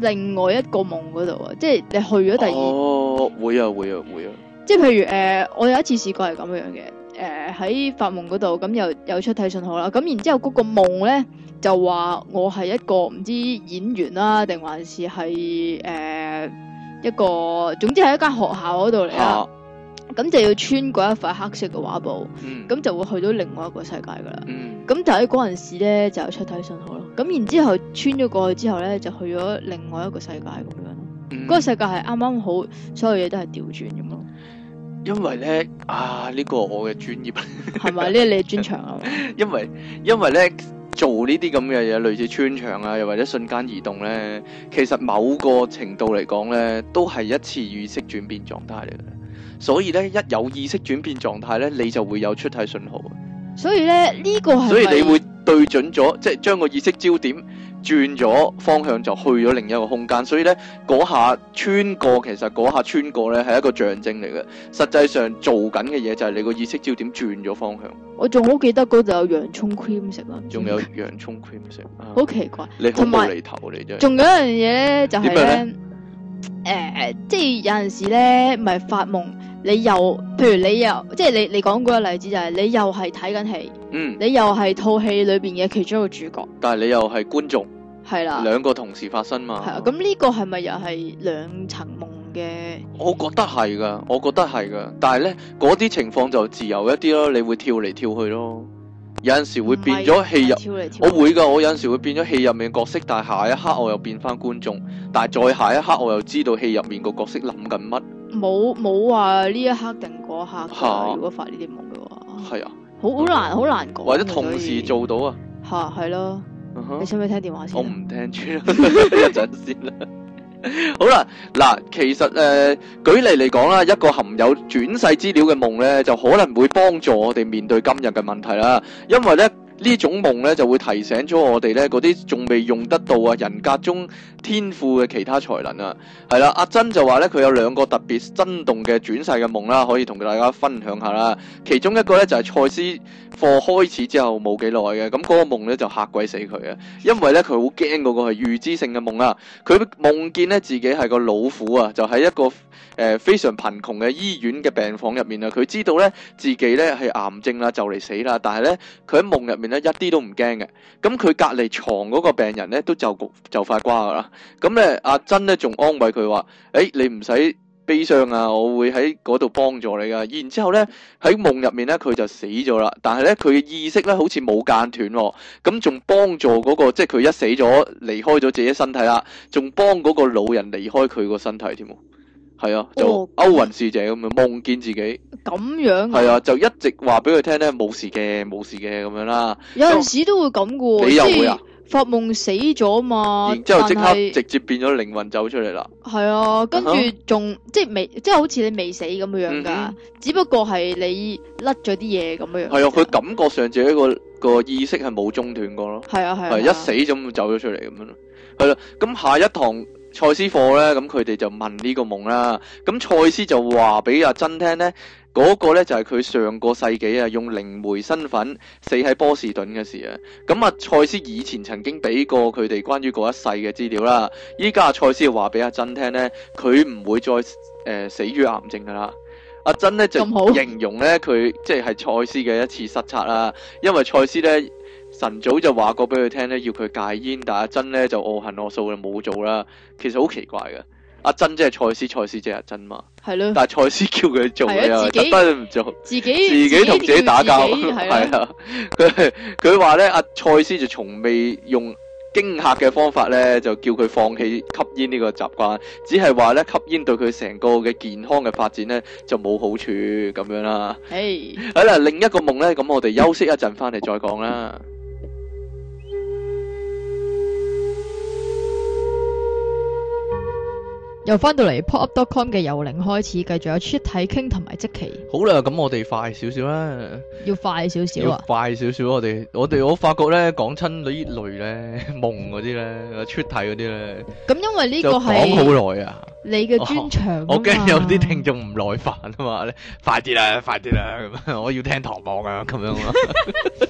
另外一個夢嗰度啊，即係你去咗第二哦，會啊會啊會啊！即係譬如誒、呃，我有一次試過係咁樣嘅誒，喺、呃、發夢嗰度咁又有出體訊號啦，咁然之後嗰個夢咧就話我係一個唔知演員啦、啊，定還是係誒、呃、一個，總之係一間學校嗰度嚟啊。咁就要穿過一塊黑色嘅畫布，咁、嗯、就會去到另外一個世界噶啦。咁但喺嗰陣時咧就有出體信號咯。咁然之後穿咗過去之後咧就去咗另外一個世界咁樣。嗰、嗯，嗰個世界係啱啱好所有嘢都係調轉咁咯。因為咧啊呢、這個我嘅專業，係咪呢？係你嘅專長啊？ 因為因為咧做呢啲咁嘅嘢，類似穿牆啊，又或者瞬間移動咧，其實某個程度嚟講咧，都係一次意識轉變狀態嚟嘅。所以咧，一有意識轉變狀態咧，你就會有出體信號。所以咧，呢、這個係所以你會對準咗，即係將個意識焦點轉咗方向，就去咗另一個空間。所以咧，嗰下穿過其實嗰下穿過咧係一個象徵嚟嘅。實際上做緊嘅嘢就係你個意識焦點轉咗方向。我仲好記得嗰度有洋蔥 cream 食啦，仲有洋蔥 cream 食，好、 嗯、奇怪，你好冇厘頭嚟啫。仲有樣嘢咧，就係、是、咧，誒、呃，即係有陣時咧，唔係發夢。你又，譬如你又，即係你你講嗰個例子就係你又係睇緊戲，嗯，你又係套戲裏邊嘅其中一個主角，但係你又係觀眾，係啦，兩個同時發生嘛，係啊，咁呢個係咪又係兩層夢嘅？我覺得係噶，我覺得係噶，但係咧，嗰啲情況就自由一啲咯，你會跳嚟跳去咯，有陣時會變咗戲入，我會噶，我有陣時會變咗戲入面角色，但係下一刻我又變翻觀眾，但係再下一刻我又知道戲入面個角色諗緊乜。冇冇話呢一刻定嗰一刻，如果發呢啲夢嘅話，係啊，好好難好難講，或者同時做到啊，吓係咯，uh -huh? 你想唔想聽電話先啊？我唔聽住一陣先啦。 好啦，嗱，其實誒、呃，舉例嚟講啦，一個含有轉世資料嘅夢咧，就可能會幫助我哋面對今日嘅問題啦，因為咧。呢種夢咧就會提醒咗我哋咧嗰啲仲未用得到啊人格中天賦嘅其他才能啊，係啦，阿珍就話咧佢有兩個特別生動嘅轉世嘅夢啦、啊，可以同大家分享下啦。其中一個咧就係、是、賽斯課開始之後冇幾耐嘅，咁嗰個夢咧就嚇鬼死佢啊，因為咧佢好驚嗰個係預知性嘅夢啦、啊，佢夢見咧自己係個老虎啊，就係、是、一個。誒、呃，非常貧窮嘅醫院嘅病房入面啊，佢知道咧自己咧係癌症啦，就嚟死啦。但係咧，佢喺夢入面咧一啲都唔驚嘅。咁佢隔籬床嗰個病人咧都就就快瓜噶啦。咁咧阿珍咧仲安慰佢話：誒、欸，你唔使悲傷啊，我會喺嗰度幫助你噶。然之後咧喺夢入面咧，佢就死咗啦。但係咧佢嘅意識咧好似冇間斷喎，咁仲幫助嗰、那個，即係佢一死咗離開咗自己身體啦，仲幫嗰個老人離開佢個身體添。係 啊，就歐雲使者咁樣夢見自己咁樣，啊，係啊，就一直話俾佢聽咧冇事嘅，冇事嘅咁樣啦。有陣時都會咁你又會啊，啊就是、發夢死咗嘛，然後之後即刻直接變咗靈魂走出嚟。啦係啊，跟住仲、uh -huh. 即係未，即係好似你未死咁樣樣噶，mm -hmm. 只不過係你甩咗啲嘢咁樣樣。係啊，佢感覺上自己個個意識係冇中斷過咯。係啊係啊是，一死就咁走咗出嚟咁樣咯。係啦，啊，咁下一堂。賽斯課咧，咁佢哋就問呢個夢啦。咁賽斯就話俾阿珍聽呢嗰、那個呢，就係佢上個世紀啊，用靈媒身份死喺波士頓嘅事啊。咁啊，賽斯以前曾經俾過佢哋關於嗰一世嘅資料啦。依家啊，賽斯又話俾阿珍聽呢，佢唔會再誒、呃、死於癌症噶啦。阿珍呢，就形容呢，佢即係賽斯嘅一次失策啦，因為賽斯呢。晨早就話過俾佢聽咧，要佢戒煙，但阿珍咧就我行我素就冇做啦。其實好奇怪嘅，阿珍即係賽斯，賽斯即係阿珍嘛。係咯。但係賽斯叫佢做他，阿珍唔做。自己自己同自己打交係啊。佢佢話咧，阿賽斯就從未用驚嚇嘅方法咧，就叫佢放棄吸煙呢個習慣，只係話咧吸煙對佢成個嘅健康嘅發展咧就冇好處咁樣啦。誒，好啦，另一個夢咧，咁我哋休息一陣，翻嚟再講啦。又翻到嚟 popup.com 嘅由零開始，繼續有出體傾同埋即期。好啦，咁我哋快少少啦，要快少少啊，快少少。我哋我哋我發覺咧，講親啲類咧夢嗰啲咧出體嗰啲咧，咁因為呢個係講好耐啊，你嘅專長。我驚有啲聽眾唔耐煩啊嘛，快啲啦，快啲啦， 我要聽唐王啊咁樣啊。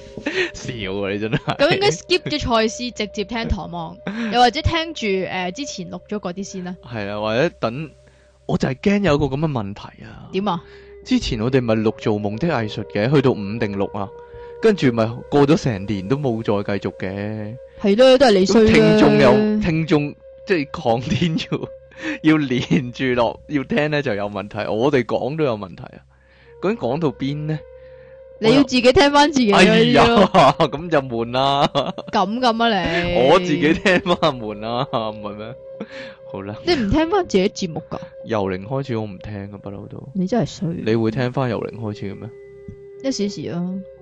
笑啊，你真係，咁應該 skip 咗賽斯，直接聽《唐望》，又或者聽住誒、呃、之前錄咗嗰啲先啦。係啊，或者等，我就係驚有一個咁嘅問題啊。點啊？之前我哋咪錄《做夢的藝術》嘅，去到五定六啊，跟住咪過咗成年都冇再繼續嘅。係咯，啊，都係你衰啦。聽眾有聽眾，即係抗天要要連住落，要聽咧就有問題。我哋講都有問題啊。究竟講到邊呢？你要自己聽翻自己咯，咁就悶啦。咁咁啊，你， 你 我自己聽翻悶啦，唔係咩？ 好啦，你唔聽翻自己節目噶？由零開始我唔聽㗎，不嬲都。你真係衰，你會聽翻由零開始嘅咩？一小時啊，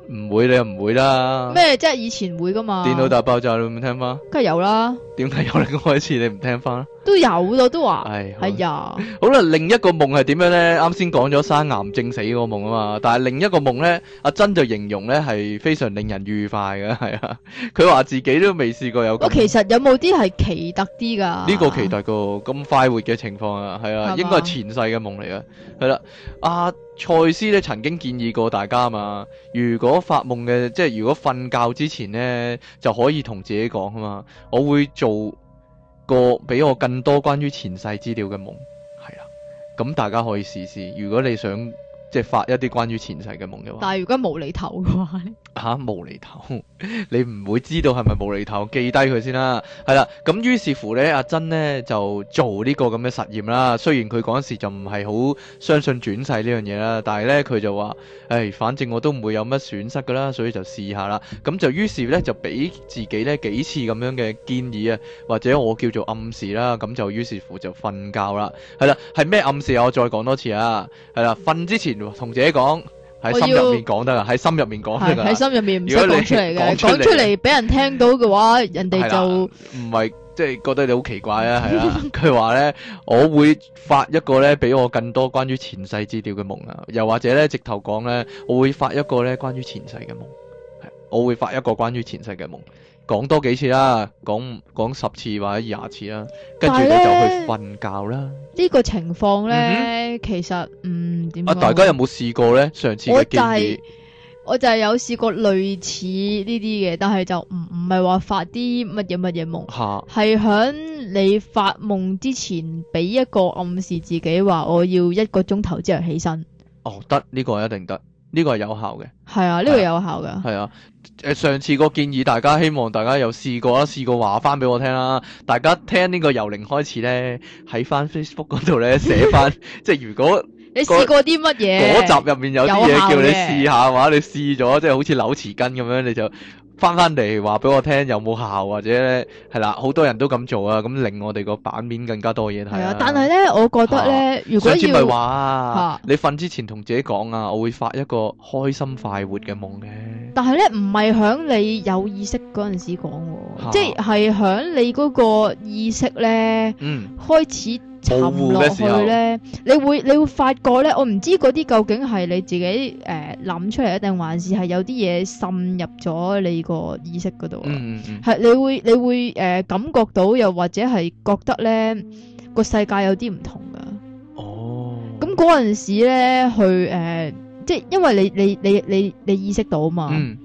唔會，你又唔會啦。咩即係以前會噶嘛？電腦大爆炸你會唔會聽翻？梗係有啦。點解由零開始你唔聽翻？都有咯，都話係係呀。好啦，另一個夢係點樣呢？啱先講咗生癌症死個夢啊嘛，但係另一個夢呢，阿珍就形容呢係非常令人愉快嘅，係啊。佢話自己都未試過有。我其實有冇啲係奇特啲噶？呢、這個奇特個咁快活嘅情況啊，係啊，是應該係前世嘅夢嚟嘅。係啦、啊，阿、啊、賽斯呢曾經建議過大家啊嘛，如果發夢嘅，即係如果瞓覺之前呢，就可以同自己講啊嘛，我會做。個俾我更多關於前世資料嘅夢，係啊，咁大家可以試試，如果你想。即係發一啲關於前世嘅夢嘅話，但係如果無厘頭嘅話吓、啊、無厘頭， 你唔會知道係咪無厘頭，記低佢先啦。係啦，咁於是乎咧，阿珍咧就做呢個咁嘅實驗啦。雖然佢嗰時就唔係好相信轉世呢樣嘢啦，但係咧佢就話：誒、哎，反正我都唔會有乜損失噶啦，所以就試下啦。咁就於是咧就俾自己咧幾次咁樣嘅建議啊，或者我叫做暗示啦。咁就於是乎就瞓覺啦。係啦，係咩暗示啊？我再講多次啊，係啦，瞓之前。同自己講，喺心入面講得啦，喺心入面講得啦，喺心入面唔使講出嚟嘅，講出嚟俾人聽到嘅話，人哋就唔係即係覺得你好奇怪啊，係啦。佢話咧，我會發一個咧俾我更多關於前世資料嘅夢啊，又或者咧直頭講咧，我會發一個咧關於前世嘅夢，係，我會發一個關於前世嘅夢。講多幾次啦，講講十次或者廿次啦，跟住你就去瞓覺啦。呢、呢個情況呢、嗯，其實嗯點？啊，大家有冇試過呢？上次嘅建議，我就係、係、有試過類似呢啲嘅，但係就唔唔係話發啲乜嘢乜嘢夢，係、啊、響你發夢之前俾一個暗示自己話，我要一個鐘頭之後起身。哦，得，呢、呢個一定得。呢、這個係有效嘅，係啊，呢、啊這個有效嘅，係啊。上次個建議，大家希望大家又試過啦，試過話翻俾我聽啦。大家聽呢個由零開始咧，喺翻 Facebook 嗰度咧，寫翻， 即係如果你試過啲乜嘢，嗰集入面有啲嘢叫你試下話，你試咗，即係好似扭匙羹咁樣，你就。翻翻嚟話俾我聽有冇效或者係啦，好多人都咁做啊，咁令我哋個版面更加多嘢睇。係啊，但係咧，我覺得咧、啊，如果要說話、啊、你瞓之前同自己講啊，我會發一個開心快活嘅夢嘅。但係咧，唔係響你有意識嗰陣時講、啊，即係響你嗰個意識咧、嗯，開始。沉落去咧，你會你會發覺咧，我唔知嗰啲究竟係你自己誒諗、呃、出嚟，定還是係有啲嘢滲入咗你個意識嗰度啊？係、嗯嗯嗯、你會你會誒、呃、感覺到，又或者係覺得咧個世界有啲唔同噶。哦，咁嗰陣時咧去誒、呃，即係因為你你你你你意識到啊嘛。嗯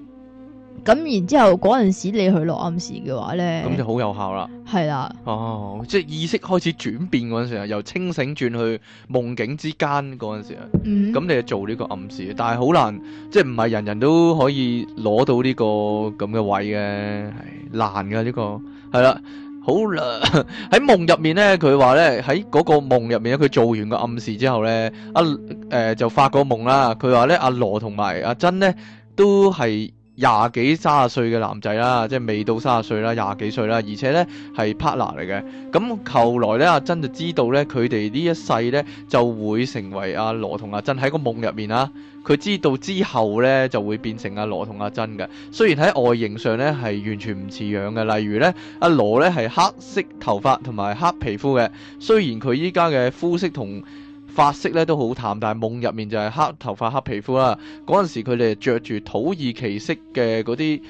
咁然之後嗰陣時你去落暗示嘅話咧，咁就好有效啦。係啦，哦，即係意識開始轉變嗰陣時啊，由清醒轉去夢境之間嗰陣時啊，咁、mm. 你就做呢個暗示，但係好難，即係唔係人人都可以攞到呢個咁嘅位嘅，難噶、這個、 呢個係啦，好啦喺夢入面咧，佢話咧喺嗰個夢入面咧，佢做完個暗示之後咧，阿、啊、誒、呃、就發個夢啦，佢話咧阿羅同埋阿珍咧都係。廿幾三十歲嘅男仔啦，即係未到三十歲啦，廿幾歲啦，而且咧係 partner 嚟嘅。咁後來咧，阿珍就知道咧，佢哋呢一世咧就會成為阿羅同阿珍喺個夢入面啦。佢知道之後咧就會變成阿羅同阿珍嘅。雖然喺外形上咧係完全唔似樣嘅，例如咧阿羅咧係黑色頭髮同埋黑皮膚嘅，雖然佢依家嘅膚色同髮色咧都好淡，但係夢入面就係黑頭髮、黑皮膚啦。嗰陣時佢哋着住土耳其式嘅嗰啲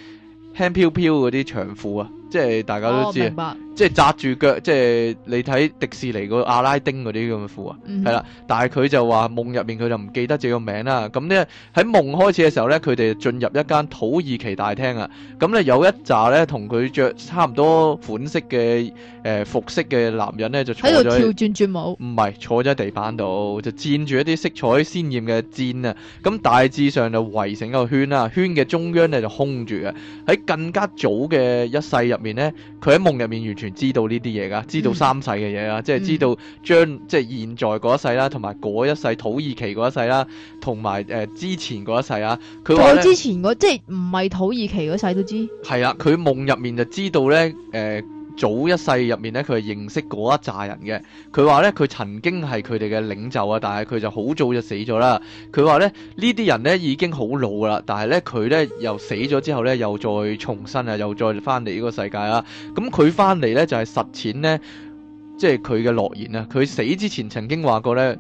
輕飄飄嗰啲長褲啊，即係大家都知啊。即係紮住腳，即係你睇迪士尼個阿拉丁嗰啲咁嘅褲啊，係啦，Mm-hmm。但係佢就話夢入面佢就唔記得自己個名啦。咁咧喺夢開始嘅時候咧，佢哋進入一間土耳其大廳啊。咁咧有一紮咧同佢着差唔多款式嘅誒、呃、服飾嘅男人咧就坐咗喺度跳轉轉轉舞，唔係坐咗喺地板度就佔住一啲色彩鮮艷嘅箭啊。咁大致上就圍成一個圈啦，圈嘅中央咧就空住嘅。喺更加早嘅一世入面咧，佢喺夢入面完全。知道呢啲嘢噶，知道三世嘅嘢啦，即係知道將即係現在嗰一世啦，同埋嗰一世土耳其嗰一世啦，同埋誒之前嗰一世啊，佢話之前嗰即係唔係土耳其嗰世都知。係啦、啊，佢夢入面就知道咧誒。呃早一世入面咧，佢係認識嗰一扎人嘅。佢話咧，佢曾經係佢哋嘅領袖啊，但係佢就好早就死咗啦。佢話咧，呢啲人咧已經好老啦，但係咧佢咧又死咗之後咧，又再重生啊，又再翻嚟呢個世界啊。咁佢翻嚟咧就係實踐咧，即係佢嘅諾言啊。佢死之前曾經話過咧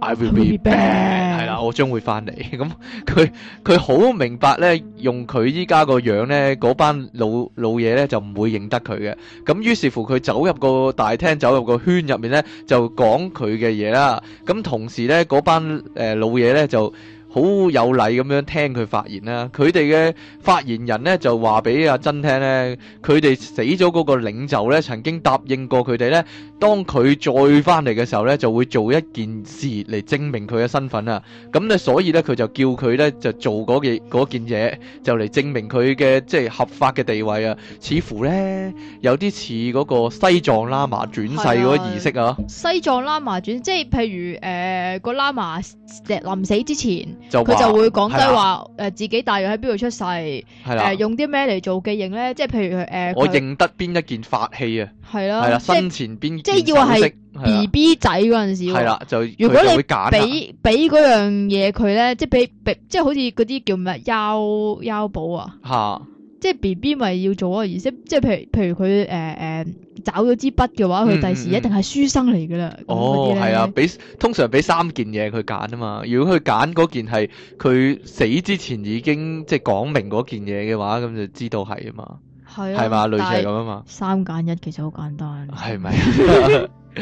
，I will be back. 係啦，我將會翻嚟。咁佢佢好明白咧，用佢依家個樣咧，嗰班老老嘢咧就唔會認得佢嘅。咁於是乎佢走入個大廳，走入個圈入面咧，就講佢嘅嘢啦。咁同時咧，嗰班誒老嘢咧就。好有禮咁樣聽佢發言啦，佢哋嘅發言人咧就話俾阿珍聽咧，佢哋死咗嗰個領袖咧曾經答應過佢哋咧，當佢再翻嚟嘅時候咧就會做一件事嚟證明佢嘅身份啊。咁咧所以咧佢就叫佢咧就做嗰嗰件嘢，就嚟證明佢嘅即係合法嘅地位啊。似乎咧有啲似嗰個西藏喇嘛轉世嗰個儀式啊。西藏喇嘛轉即係譬如誒、個、喇嘛臨死之前。佢就，就會講低話誒自己大約喺邊度出世，誒、呃、用啲咩嚟做記認咧？即係譬如誒、呃，我認得邊一件法器啊？係咯，係啦，身前邊即係要話係 B B 仔嗰陣時、啊。啦，就如果你揀俾俾嗰樣嘢佢咧，即係俾俾即係好似嗰啲叫咩腰腰寶啊？嚇、啊！即係 B B 咪要做啊，儀式，即係譬如譬如佢誒誒找咗支筆嘅話，佢第時一定係書生嚟噶啦。哦，係啊，俾通常俾三件嘢佢揀啊嘛。如果佢揀嗰件係佢死之前已經即係講明嗰件嘢嘅話，咁就知道係啊嘛。係啊，係嘛，類似係咁啊嘛。三揀一其實好簡單是是、啊。係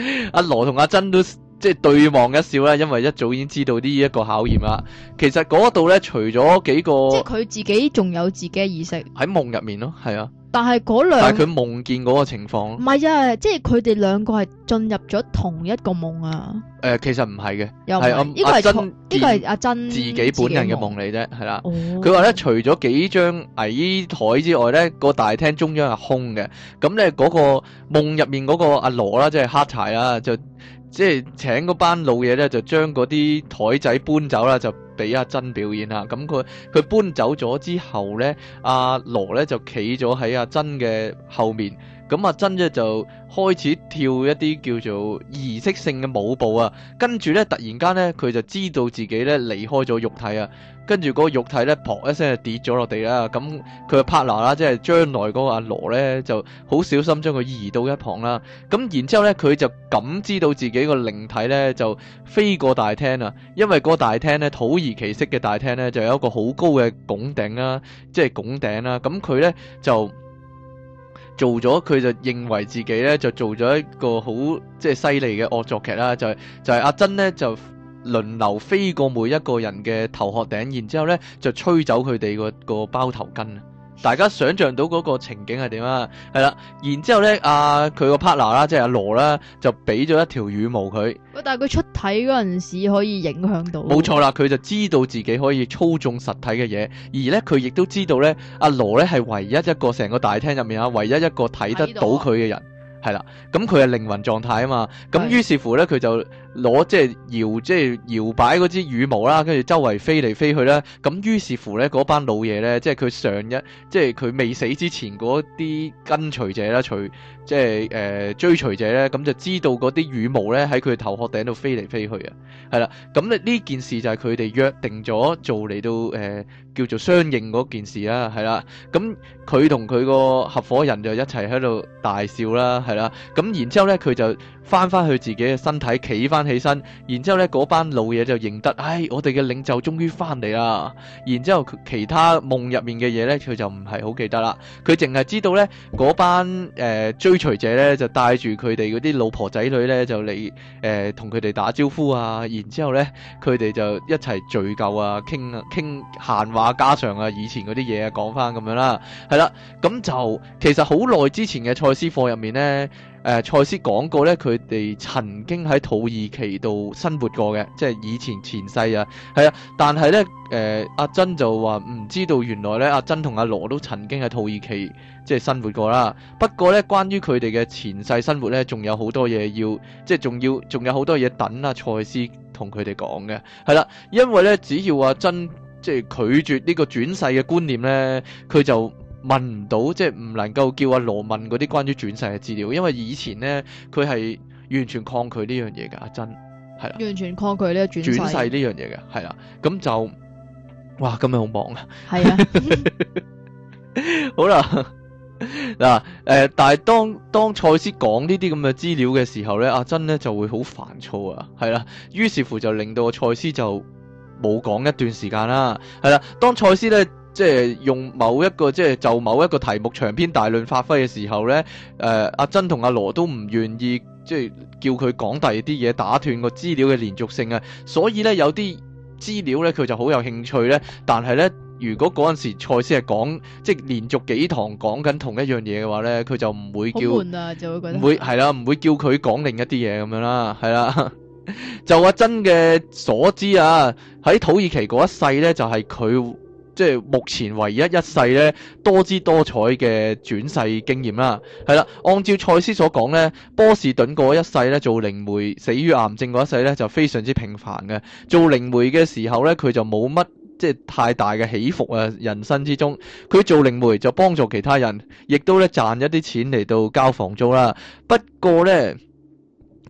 咪 阿羅同阿珍都？即係對望一笑啦，因為一早已經知道呢一個考驗啦。其實嗰度咧，除咗幾個，即係佢自己仲有自己嘅意識喺夢入面咯，係啊。但係嗰兩，但係佢夢見嗰個情況。唔係啊，即係佢哋兩個係進入咗同一個夢啊。誒、呃，其實唔係嘅，又係阿、啊這個、阿珍，呢個係阿珍自己本人嘅夢嚟啫，係啦、啊。佢話咧，除咗幾張矮台之外咧，個大廳中央係空嘅。咁咧嗰個夢入面嗰個阿羅啦，即係黑柴啦、啊，就。即係請嗰班老嘢咧，就將嗰啲台仔搬走啦，就。俾阿珍表演啊，咁佢佢搬走咗之後咧，阿羅咧就企咗喺阿珍嘅後面，咁阿珍咧就開始跳一啲叫做儀式性嘅舞步啊，跟住咧突然間咧佢就知道自己咧離開咗肉體啊，跟住嗰個肉體咧撲一聲就跌咗落地啦，咁佢嘅 partner 啦，即係將來嗰個阿羅咧就好小心將佢移到一旁啦，咁然之後咧佢就感知到自己個靈體咧就飛過大廳啊，因為個大廳咧土。而奇式嘅大廳咧，就有一個好高嘅拱頂啦，即係拱頂啦。咁佢咧就做咗，佢就認為自己咧就做咗一個好即係犀利嘅惡作劇啦。就係就係阿珍咧就輪流飛過每一個人嘅頭殼頂，然之後咧就吹走佢哋個個包頭巾啊。大家想象到嗰個情景係點啊？係啦，然之後咧，阿佢個 partner 啦，即係阿羅啦，就俾咗一條羽毛佢。喂，但係佢出體嗰陣時候可以影響到沒。冇錯啦，佢就知道自己可以操縱實體嘅嘢，而咧佢亦都知道咧，阿羅咧係唯一一個成個大廳入面啊，唯一一個睇得到佢嘅人，係啦。咁佢係靈魂狀態啊嘛，咁於是乎咧，佢就。攞即係搖即係搖擺嗰支羽毛啦，跟住周圍飛嚟飛去啦。咁於是乎咧，嗰班老嘢咧，即係佢上一即係佢未死之前嗰啲跟隨者啦，除即係誒、呃、追隨者咧，咁就知道嗰啲羽毛咧喺佢頭殼頂度飛嚟飛去啊。係啦，咁咧呢件事就係佢哋約定咗做嚟到誒、呃、叫做相應嗰件事啦。係啦，咁佢同佢個合夥人就一齊喺度大笑啦，係啦，咁然之後咧佢就。翻翻去自己嘅身體，企翻起身，然之後咧嗰班老嘢就認得，唉、哎，我哋嘅領袖終於翻嚟啦。然之後其他夢入面嘅嘢咧，佢就唔係好記得啦。佢淨係知道咧嗰班誒追隨者咧，就帶住佢哋嗰啲老婆仔女咧，就嚟誒同佢哋打招呼啊。然之後咧，佢哋就一齊聚舊啊，傾傾閒話家常啊，以前嗰啲嘢啊，講翻咁樣啦。係啦，咁就其實好耐之前嘅賽斯課入面咧。誒、呃、賽斯講過咧，佢哋曾經喺土耳其度生活過嘅，即係以前前世啊，係啊。但係咧，誒、呃、阿珍就話唔知道原來咧，阿珍同阿羅都曾經喺土耳其即係生活過啦。不過咧，關於佢哋嘅前世生活咧，仲有好多嘢要，即係仲要，仲有好多嘢等啊。賽斯同佢哋講嘅係啦，因為咧，只要阿珍即係拒絕呢個轉世嘅觀念咧，佢就，問唔到，即係唔能夠叫阿羅問嗰啲關於轉世嘅資料，因為以前咧佢係完全抗拒呢樣嘢嘅。阿珍係啊，完全抗拒呢個轉世呢樣嘢嘅，係啦。咁就哇，今日好忙啊！係啊，好啦，嗱，誒、呃，但係當當賽斯講呢啲咁嘅資料嘅時候咧，阿珍咧就會好煩躁啊，係啦。於是乎就令到賽斯就冇講一段時間啦，係啦。當賽斯咧。即係用某一個即係就某一個題目長篇大論發揮嘅時候咧，誒、呃、阿珍同阿羅都唔願意即係叫佢講第二啲嘢打斷個資料嘅連續性啊，所以咧有啲資料咧佢就好有興趣咧，但係咧如果嗰陣時賽斯係講即係連續幾堂講緊同一樣嘢嘅話咧，佢就唔會叫、好悶啊、就會唔係啦，唔會、啊、會叫佢講另一啲嘢咁樣啦，係啦、啊， 就阿珍嘅所知啊，喺土耳其嗰一世咧就係、是、佢。即係目前唯一一世咧多姿多彩嘅轉世經驗啦，係啦。按照賽斯所講咧，波士頓嗰一世咧做靈媒死於癌症嗰一世咧就非常之平凡嘅。做靈媒嘅時候咧，佢就冇乜即係太大嘅起伏啊！人生之中，佢做靈媒就幫助其他人，亦都咧賺一啲錢嚟到交房租啦。不過咧。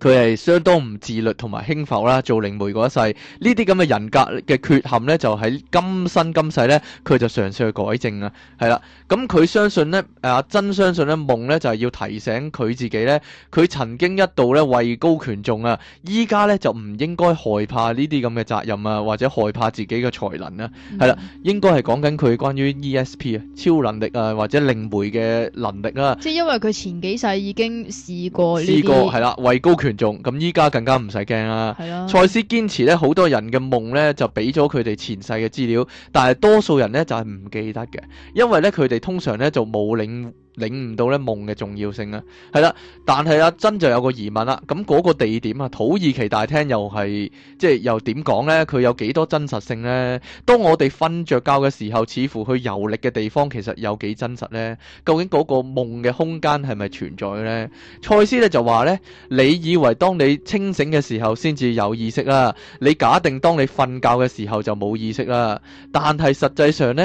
佢係相當唔自律同埋輕浮啦，做靈媒嗰一世呢啲咁嘅人格嘅缺陷咧，就喺今生今世咧，佢就嘗試去改正啊，係啦。咁佢相信咧，阿珍相信咧，夢咧就係要提醒佢自己咧，佢曾經一度咧位高權重啊，依家咧就唔應該害怕呢啲咁嘅責任啊，或者害怕自己嘅才能啊。係、嗯、啦，應該係講緊佢關於 ESP 啊、超能力啊或者靈媒嘅能力啦、啊。即係因為佢前幾世已經試過,過，呢個係啦，位高權。咁依家更加唔使驚啦。賽斯堅持咧，好多人嘅夢咧就俾咗佢哋前世嘅資料，但係多數人咧就係、是、唔記得嘅，因為咧佢哋通常咧就冇領。領悟到咧夢嘅重要性啊，係啦，但係阿珍就有個疑問啦。咁嗰個地點啊，土耳其大廳又係即係又點講呢？佢有幾多真實性呢？當我哋瞓着覺嘅時候，似乎去遊歷嘅地方其實有幾真實呢？究竟嗰個夢嘅空間係咪存在呢？賽斯咧就話呢：你以為當你清醒嘅時候先至有意識啦，你假定當你瞓覺嘅時候就冇意識啦，但係實際上呢，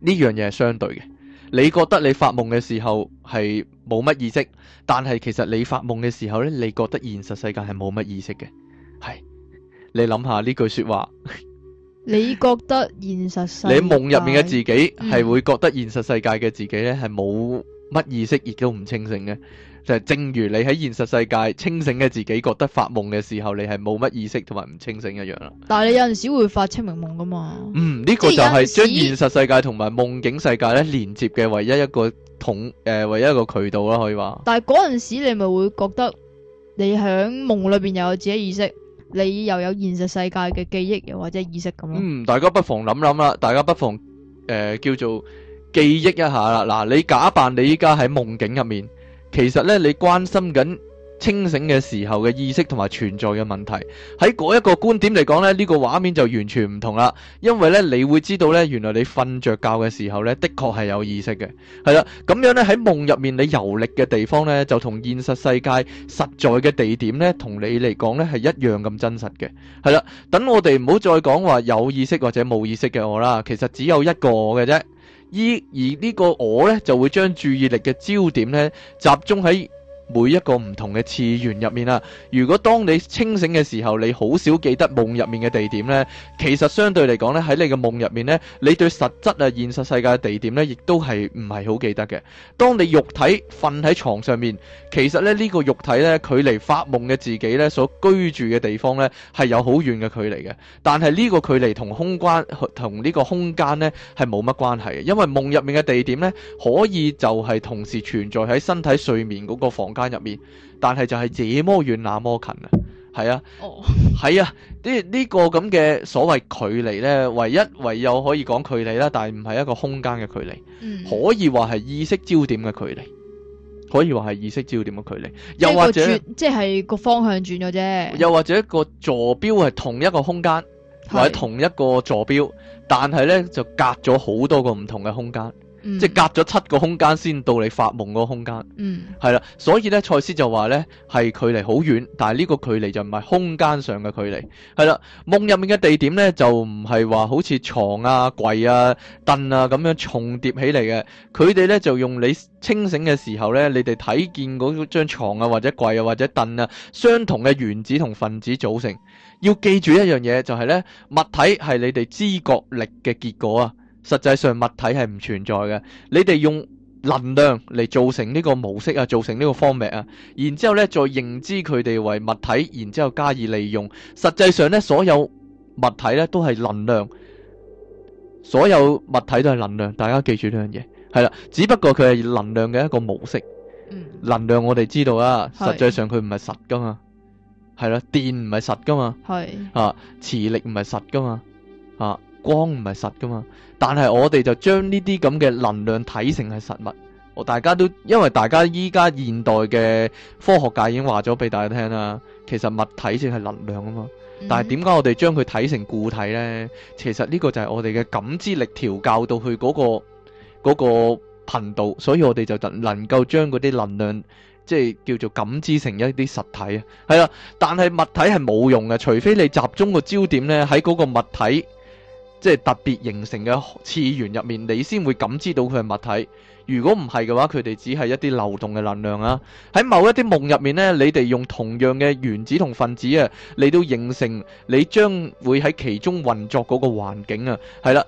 呢樣嘢係相對嘅。你覺得你發夢嘅時候係冇乜意識，但係其實你發夢嘅時候呢，你覺得現實世界係冇乜意識嘅。係，你諗下呢句説話。你覺得現實世，你喺夢入面嘅自己係會覺得現實世界嘅自己呢，係冇乜意識，亦都唔清醒嘅。就係、是，正如你喺現實世界清醒嘅自己覺得發夢嘅時候，你係冇乜意識同埋唔清醒一樣啦。但係你有陣時會發清明夢噶嘛？嗯，呢、這個就係將現實世界同埋夢境世界咧連接嘅唯一一個統，誒、呃，唯一一個渠道啦。可以話，但係嗰陣時候你咪會覺得你喺夢裏邊又有自己意識，你又有現實世界嘅記憶，又或者意識咁樣。嗯，大家不妨諗諗啦。大家不妨，誒、呃、叫做記憶一下啦。嗱，你假扮你依家喺夢境入面。其實咧，你關心緊清醒嘅時候嘅意識同埋存在嘅問題，喺嗰一個觀點嚟講咧，呢個畫面就完全唔同啦。因為咧，你會知道咧，原來你瞓着覺嘅時候咧，的確係有意識嘅。係啦，咁樣咧喺夢入面你遊歷嘅地方咧，就同現實世界實在嘅地點咧，同你嚟講咧係一樣咁真實嘅。係啦，等我哋唔好再講話有意識或者冇意識嘅我啦，其實只有一個我嘅啫。而呢個我咧，就會將注意力嘅焦點咧，集中喺每一個唔同嘅次元入面啊，如果當你清醒嘅時候，你好少記得夢入面嘅地點咧，其實相對嚟講咧，喺你嘅夢入面咧，你對實質啊現實世界嘅地點咧，亦都係唔係好記得嘅。當你肉體瞓喺床上面，其實咧呢個肉體咧，距離發夢嘅自己咧所居住嘅地方咧，係有好遠嘅距離嘅。但係呢個距離同空間同呢個空間咧係冇乜關係嘅，因為夢入面嘅地點咧，可以就係同時存在喺身體睡眠嗰個房間。房。間入面，但係就係這麼遠那麼近啊，係、oh. 啊，係啊，呢、這、呢個咁嘅所謂距離呢，唯一唯有可以講距離啦，但係唔係一個空間嘅距離，mm. 可以話係意識焦點嘅距離，可以話係意識焦點嘅距離，又或者即係個、就是、個方向轉咗啫，又或者個坐標係同一個空間或者同一個坐標，但係呢就隔咗好多個唔同嘅空間。即係隔咗七個空間先到你發夢嗰個空間，嗯，係啦，所以咧賽斯就話咧係距離好遠，但係呢個距離就唔係空間上嘅距離，係啦，夢入面嘅地點咧就唔係話好似床啊、櫃啊、凳啊咁樣重疊起嚟嘅，佢哋咧就用你清醒嘅時候咧，你哋睇見嗰張床啊或者櫃啊或者凳啊相同嘅原子同分子組成，要記住一樣嘢就係咧物體係你哋知覺力嘅結果啊。實際上物體係唔存在嘅，你哋用能量嚟造成呢個模式啊，造成呢個方冪啊，然之後咧再認知佢哋為物體，然之後加以利用。實際上咧，所有物體咧都係能量，所有物體都係能量。大家記住呢樣嘢，係啦，只不過佢係能量嘅一個模式。嗯，能量我哋知道啊，實際上佢唔係實噶嘛，係啦，電唔係實噶嘛，係啊，磁力唔係實噶嘛，啊。光唔係實噶嘛，但係我哋就將呢啲咁嘅能量睇成係實物。我大家都因為大家依家現代嘅科學界已經話咗俾大家聽啦，其實物體先係能量啊嘛。但係點解我哋將佢睇成固體呢？嗯、其實呢個就係我哋嘅感知力調教到去嗰、嗰個嗰、嗰個頻道，所以我哋就能夠將嗰啲能量即係叫做感知成一啲實體啊。係啊，但係物體係冇用嘅，除非你集中個焦點呢喺嗰個物體。即係特別形成嘅次元入面，你先會感知到佢係物體。如果唔係嘅話，佢哋只係一啲流動嘅能量啊。喺某一啲夢入面咧，你哋用同樣嘅原子同分子啊，嚟到形成你將會喺其中運作嗰個環境啊。係啦，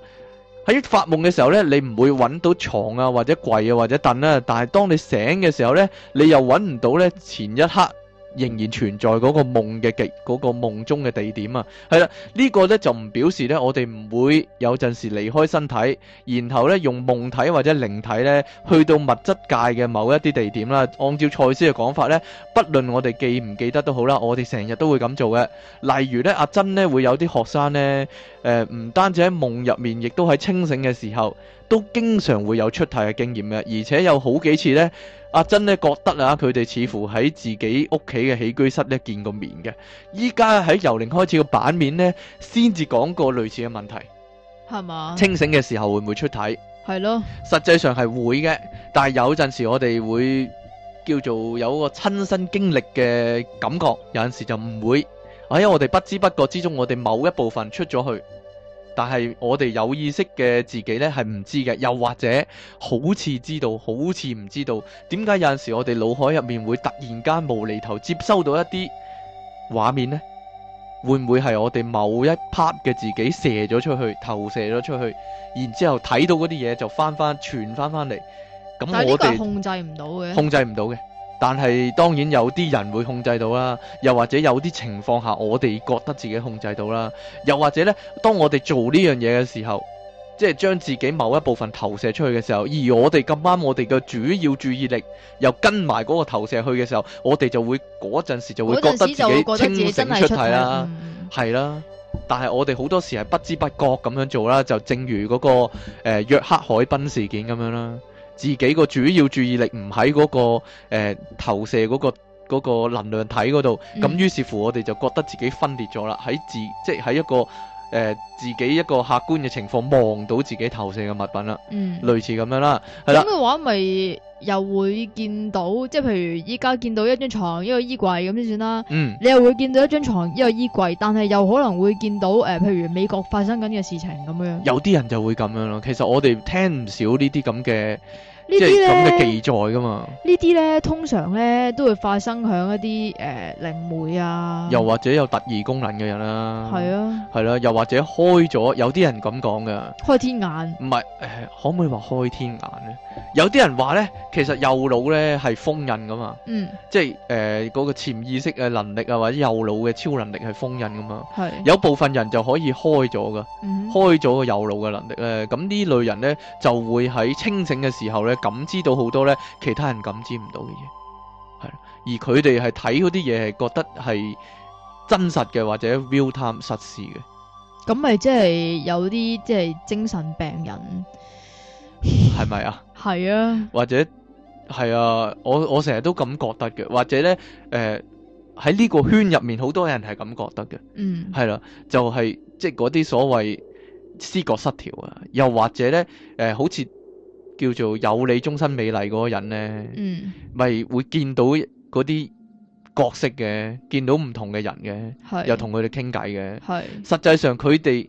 喺發夢嘅時候咧，你唔會揾到床啊，或者櫃啊，或者凳啊。但係當你醒嘅時候咧，你又揾唔到咧前一刻。仍然存在嗰個夢嘅極嗰個夢中嘅地點啊，係啦，呢個咧就唔表示咧我哋唔會有陣時離開身體，然後咧用夢體或者靈體咧去到物質界嘅某一啲地點啦。按照賽斯嘅講法咧，不論我哋記唔記得都好啦，我哋成日都會咁做嘅。例如咧，阿珍咧會有啲學生咧，誒唔單止喺夢入面，亦都喺清醒嘅時候，都經常會有出體嘅經驗嘅，而且有好幾次咧。阿珍咧覺得啊，佢哋似乎喺自己屋企嘅起居室咧見過面嘅。依家喺由零開始嘅版面咧，先至講過類似嘅問題，係嘛？清醒嘅時候會唔會出體？係咯，實際上係會嘅，但係有陣時我哋會叫做有個親身經歷嘅感覺。有陣時就唔會，因為我哋不知不覺之中，我哋某一部分出咗去。但係我哋有意識嘅自己咧，係唔知嘅，又或者好似知道，好似唔知道。點解有陣時我哋腦海入面會突然間無厘頭接收到一啲畫面咧？會唔會係我哋某一 part 嘅自己射咗出去，投射咗出去，然之後睇到啲嘢就翻翻傳翻翻嚟？咁我哋控制唔到嘅，控制唔到嘅。但係當然有啲人會控制到啦，又或者有啲情況下我哋覺得自己控制到啦，又或者呢，當我哋做呢樣嘢嘅時候，即係將自己某一部分投射出去嘅時候，而我哋咁啱我哋嘅主要注意力又跟埋嗰個投射去嘅時候，我哋就會嗰陣時就會覺得自己清醒出體啦，係啦、嗯、啦。但係我哋好多時係不知不覺咁樣做啦，就正如嗰、嗰個、呃、約克海濱事件咁樣啦。自己個主要注意力唔喺嗰個、呃、投射嗰、嗰個嗰個能量體嗰度，咁、嗯、於是乎我哋就覺得自己分裂咗啦，喺自即係喺一個誒、呃、自己一個客觀嘅情況望到自己投射嘅物品啦、嗯，類似咁樣啦，係啦。咁嘅話咪又會見到，即係譬如依家見到一張床、一個衣櫃咁先算啦、嗯。你又會見到一張床、一個衣櫃，但係又可能會見到誒、呃，譬如美國發生緊嘅事情咁樣。有啲人就會咁樣咯，其實我哋聽唔少呢啲咁嘅。即係咁嘅記載噶嘛？呢啲咧通常咧都會發生響一啲誒靈媒啊，又或者有特異功能嘅人啦，係啊，係、嗯、啦、啊啊，又或者開咗，有啲人咁講㗎，開天眼，唔係誒，可唔可以話開天眼咧？有啲人話咧，其實右腦咧係封印噶嘛，嗯，即係誒嗰個潛意識嘅能力啊，或者右腦嘅超能力係封印噶嘛，係有部分人就可以開咗噶，開咗個右腦嘅能力咧，咁、嗯、呢類人咧就會喺清醒嘅時候咧。感知到好多咧，其他人感知唔到嘅嘢，係而佢哋係睇嗰啲嘢，係覺得係真實嘅，或者 view time 實時嘅。咁咪即係有啲即係精神病人，係 咪啊？係啊，或者係啊，我我成日都咁覺得嘅，或者咧，誒喺呢個圈入面，好多人係咁覺得嘅。嗯，係啦，就係即係嗰啲所謂思覺失調啊，又或者咧，誒、呃，好似。叫做有你終身美麗嗰個人咧，嗯，咪會見到嗰啲角色嘅，見到唔同嘅人嘅，係，又同佢哋傾偈嘅。係，實際上佢哋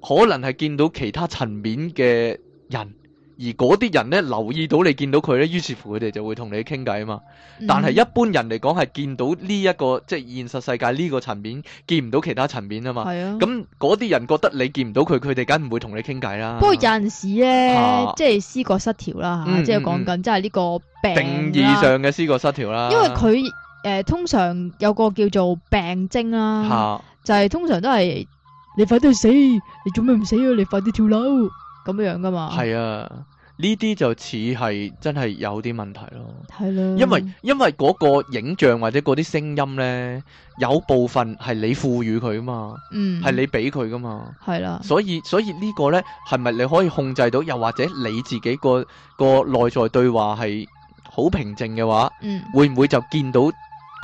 可能係見到其他層面嘅人。而嗰啲人咧，留意到你見到佢咧，於是乎佢哋就會同你傾偈啊嘛。嗯、但係一般人嚟講係見到呢、這、一個即係、就是、現實世界呢個層面，見唔到其他層面啊嘛。係啊。咁嗰啲人覺得你見唔到佢，佢哋梗唔會同你傾偈啦。不過有陣時咧，即、啊、係、就是、思覺失調啦，即係講緊即係呢個病定義上嘅思覺失調啦。因為佢誒、呃、通常有個叫做病徵啦，啊、就係、是、通常都係你快啲去死，你做咩唔死啊？你快啲跳樓。咁樣噶嘛？係啊，呢啲就似係真係有啲問題咯。係咯，因為因為嗰個影像或者嗰啲聲音呢，有部分係你賦予佢啊嘛，嗯，係你俾佢噶嘛，係啦。所以所以呢個呢，係咪你可以控制到？又或者你自己個個內在對話係好平靜嘅話，嗯，會唔會就見到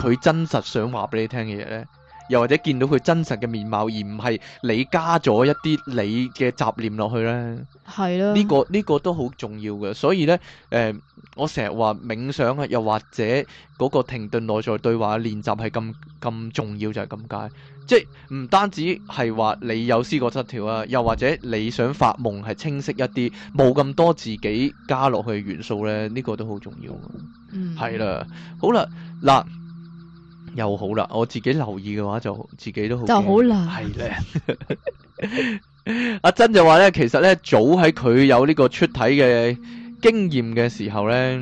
佢真實想話俾你聽嘅嘢呢？又或者見到佢真實嘅面貌，而唔係你加咗一啲你嘅雜念落去呢？係啦，呢、這個呢、這個都好重要嘅。所以呢，誒、呃，我成日話冥想啊，又或者嗰個停頓內在對話練習係咁咁重要就係咁解。即係唔單止係話你有思覺失調啊，又或者你想發夢係清晰一啲，冇咁多自己加落去嘅元素呢，呢、這個都好重要。嗯，係啦，好啦，嗱。又好啦，我自己留意嘅話就自己都好就好啦係咧。 阿珍就話咧，其實咧早喺佢有呢個出體嘅經驗嘅時候咧。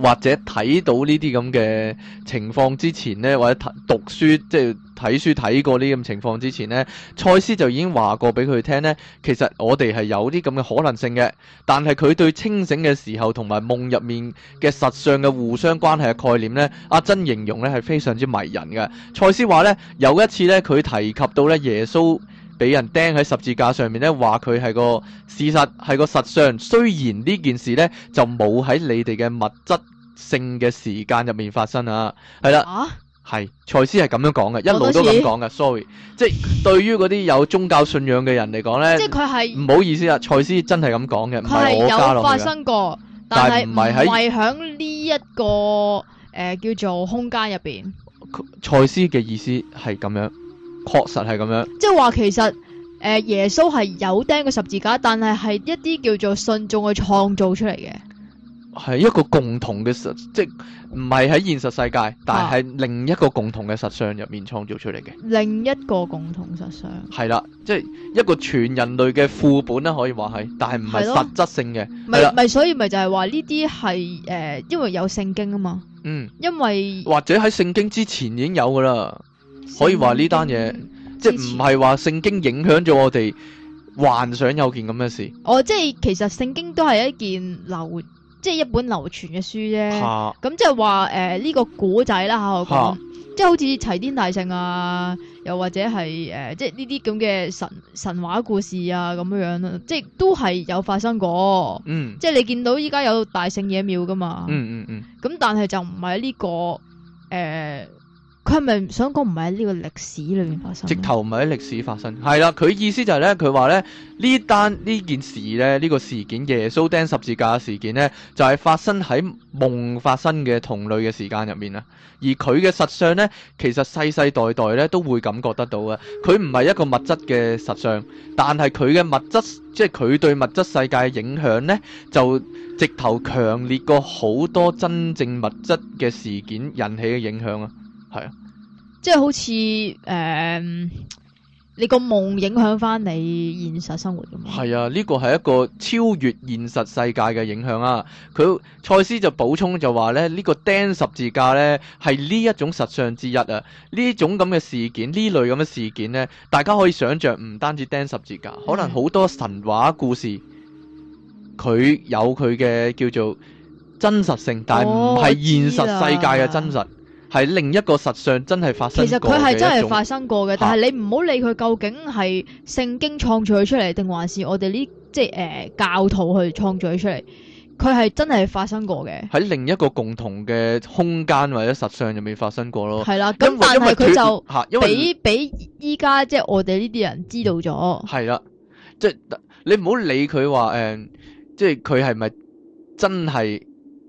或者睇到呢啲咁嘅情況之前呢，或者讀書即係睇書睇過呢咁情況之前呢，賽斯就已經話過俾佢聽呢，其實我哋係有啲咁嘅可能性嘅，但係佢對清醒嘅時候同埋夢入面嘅實相嘅互相關係嘅概念呢，阿珍形容呢係非常之迷人嘅。賽斯話呢，有一次呢，佢提及到呢耶穌。俾人釘喺十字架上面咧，話佢係個事實，係個實相，雖然呢件事咧就冇喺你哋嘅物質性嘅時間入面發生啊，係啦，係賽斯係咁樣講嘅，一路都咁講嘅，sorry，即係對於嗰啲有宗教信仰嘅人嚟講咧，即係佢係唔好意思啊，賽斯真係咁講嘅，唔係我加落去嘅。發生過，是但係唔係喺唔係喺呢一個誒、呃、叫做空間入邊。賽斯嘅意思係咁樣。確實係咁樣，即係話其實誒耶穌係有釘個十字架，但係係一啲叫做信眾去創造出嚟嘅，係一個共同嘅實，即唔係喺現實世界，但係係另一個共同嘅實相入面創造出嚟嘅，啊，另一個共同實相，係啦，即、就、係、是、一個全人類嘅副本啦，啊，可以話係，但係唔係實質性嘅，咪咪所以咪就係話呢啲係誒，因為有聖經啊嘛，嗯，因為或者喺聖經之前已經有噶啦。可以話呢單嘢，即係唔係話聖經影響咗我哋、嗯、幻想，有件咁嘅事。哦，即係其實聖經都係一件流，即係一本流傳嘅書啫。咁即係話誒呢個古仔啦吓，我講即係好似齊天大聖啊，又或者係誒、呃、即係呢啲咁嘅神神話故事啊咁樣樣、啊、即係都係有發生過。嗯，即係你見到依家有大聖野廟噶嘛？嗯嗯嗯。咁、嗯、但係就唔係呢個誒。呃佢係咪想講唔係喺呢個歷史裏面發生？直頭唔係喺歷史發生，係啦。佢意思就係咧，佢話咧呢單呢件事咧，呢、呢個事件耶穌釘十字架嘅事件咧，就係、係、發生喺夢發生嘅同類嘅時間入面啦。而佢嘅實相咧，其實世世代代咧都會感覺得到嘅。佢唔係一個物質嘅實相，但係佢嘅物質，即係佢對物質世界嘅影響咧，就直頭強烈過好多真正物質嘅事件引起嘅影響啊！係啊，即係好似誒、嗯，你個夢影響翻你現實生活咁。係啊，呢個係一個超越現實世界嘅影響啊！佢賽斯就補充就話咧，呢、這個釘十字架咧係呢是一種實相之一啊！呢種咁嘅事件，呢類咁嘅事件咧，大家可以想象，唔單止釘十字架，可能好多神話故事，佢有佢嘅叫做真實性，但係唔係現實世界嘅真實。哦喺另一個實相真係發生過的。其實佢係真係發生過嘅，啊，但係你唔好理佢究竟係聖經創造佢出嚟，定還是我哋呢即係誒、呃、教徒，去創造佢出嚟？佢係真係發生過嘅。喺另一個共同嘅空間或者實相就未發生過咯。係啦、啊，咁但係佢就，因為俾俾依家，即係我哋呢啲人知道咗。係啦、啊，即、就、係、是、你唔好理佢話誒，即係佢係咪真係？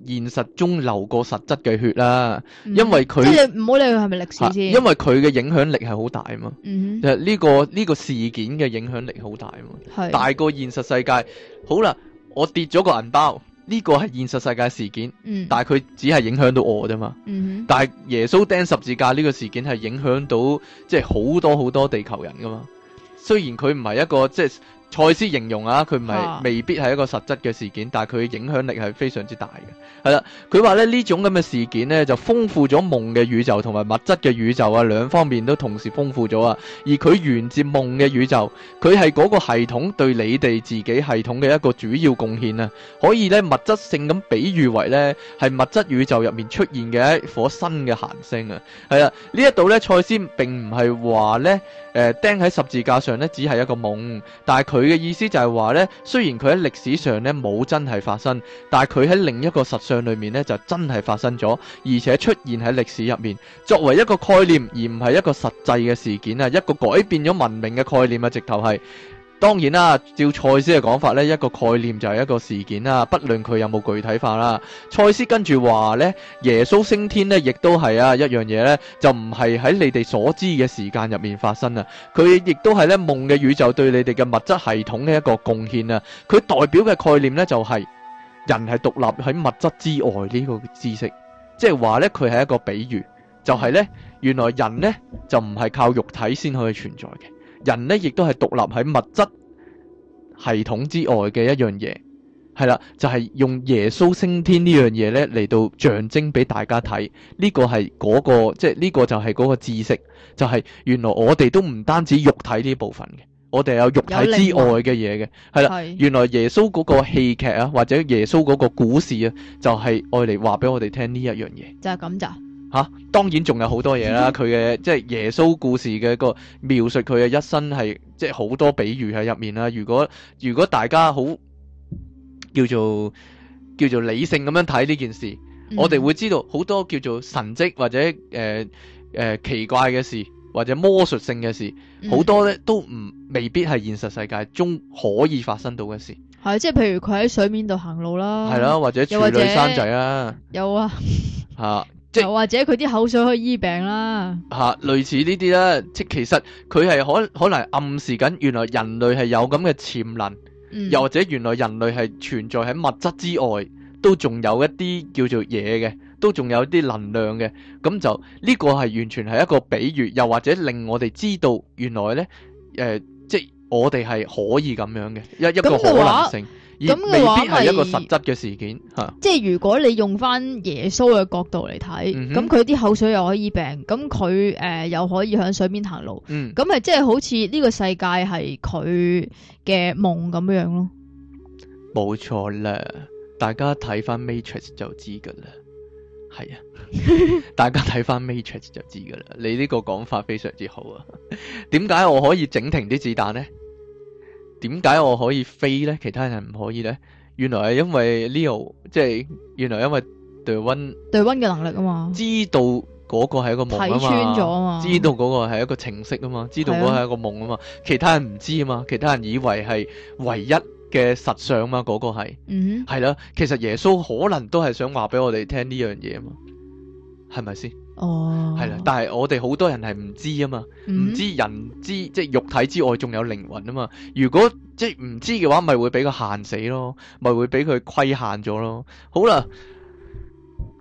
現實中流過實質嘅血啦，嗯、因為佢即係唔好理佢係咪歷史先，因為佢嘅影響力係好大啊嘛。其實呢個呢、這個事件嘅影響力好大啊嘛是，大過現實世界。好啦，我跌咗個銀包，呢、這個係現實世界事件，嗯、但係佢只係影響到我啫嘛。嗯、但係耶穌釘十字架呢個事件係影響到即係好多好多地球人噶嘛。雖然佢唔係一個即係。就是蔡司形容啊，佢唔係未必係一個實質嘅事件，但係佢嘅影響力係非常之大嘅。係啦，佢話咧呢種咁嘅事件咧就豐富咗夢嘅宇宙同埋物質嘅宇宙啊，兩方面都同時豐富咗啊。而佢源自夢嘅宇宙，佢係嗰個系統對你哋自己系統嘅一個主要貢獻啊。可以咧物質性咁比喻為咧係物質宇宙入面出現嘅一顆新嘅行星啊。係啦，呢一度咧賽斯並唔係話咧誒釘喺十字架上咧只係一個夢，但係佢。佢嘅意思就係話呢，雖然佢喺歷史上呢冇真係發生，但係佢喺另一個實相裏面呢就真係發生咗，而且出現喺歷史入面，作為一個概念而唔係一個實際嘅事件啊，一個改變咗文明嘅概念啊，直頭係。當然啦，照賽斯嘅講法呢一個概念就係一個事件啦，不論佢有冇具體化啦。賽斯跟住話呢耶穌升天呢，亦都係啊一樣嘢呢就唔係喺你哋所知嘅時間入面發生啊。佢亦都係咧夢嘅宇宙對你哋嘅物質系統嘅一個貢獻啊。佢代表嘅概念呢，就係人係獨立喺物質之外呢個知識，即係話呢佢係一個比喻，就係、是、呢原來人呢，就唔係靠肉體先可以存在嘅。人咧亦都係獨立喺物質系統之外嘅一樣嘢，係啦，就係用耶穌升天呢樣嘢咧嚟到象徵俾大家睇，呢個係嗰個，即係呢個就係嗰個知識，就係原來我哋都唔單止肉體呢部分嘅，我哋有肉體之外嘅嘢嘅，係啦，原來耶穌嗰個戲劇啊，或者耶穌嗰個故事啊，就係愛嚟話俾我哋聽呢一樣嘢，就係咁咋。吓、啊，當然仲有好多嘢啦。佢嘅即係耶穌故事嘅一個描述他的，佢嘅一生係即係好多比喻喺入面啦。如果如果大家好叫做叫做理性咁樣睇呢件事，嗯、我哋會知道好多叫做神蹟或者誒誒、呃呃、奇怪嘅事或者魔術性嘅事，好、嗯、多咧都唔未必係現實世界中可以發生到嘅事。係即係，譬如佢喺水面度行路啦，係啦，或者處女生仔啦。有，有啊，啊，吓。 又或者佢啲口水可以醫病啦，吓，類似呢啲啦，即其實佢係可可能暗示緊，原來人類係有咁嘅潛能、嗯，又或者原來人類係存在喺物質之外，都仲有一啲叫做嘢嘅，都仲有一啲能量嘅，咁就呢、這個係完全係一個比喻，又或者令我哋知道原來咧，誒、呃，即係我哋係可以咁樣嘅，一一個可能性。咁嘅話係一個實質嘅事件吓，啊、即係如果你用翻耶穌嘅角度嚟睇，咁佢啲口水又可以病，咁佢誒又可以喺水面行路，咁咪，即係好似呢個世界係佢嘅夢咁樣樣咯。冇錯啦，大家睇翻 Matrix 就知噶啦。係啊， 大家睇翻 Matrix 就知噶啦。你呢個講法非常之好啊。點解我可以整停啲子彈咧？點解我可以飛咧？其他人唔可以咧？原來係因為 Leo，即係原來因為 the One，the One 嘅能力啊嘛。知道嗰個係一個夢啊嘛，知道嗰個係一個程式啊嘛，知道嗰個係一個夢啊嘛。其他人唔知啊嘛，其他人以為係唯一嘅實相啊嘛。嗰個係，係啦。其實耶穌可能都係想話俾我哋聽呢樣嘢啊嘛。係咪先？哦，係啦，但係我哋好多人係唔知啊嘛，唔、mm -hmm. 知人之，即係肉體之外仲有靈魂啊嘛。如果即係唔知嘅話，咪會俾佢限死咯，咪會俾佢規限咗咯。好啦，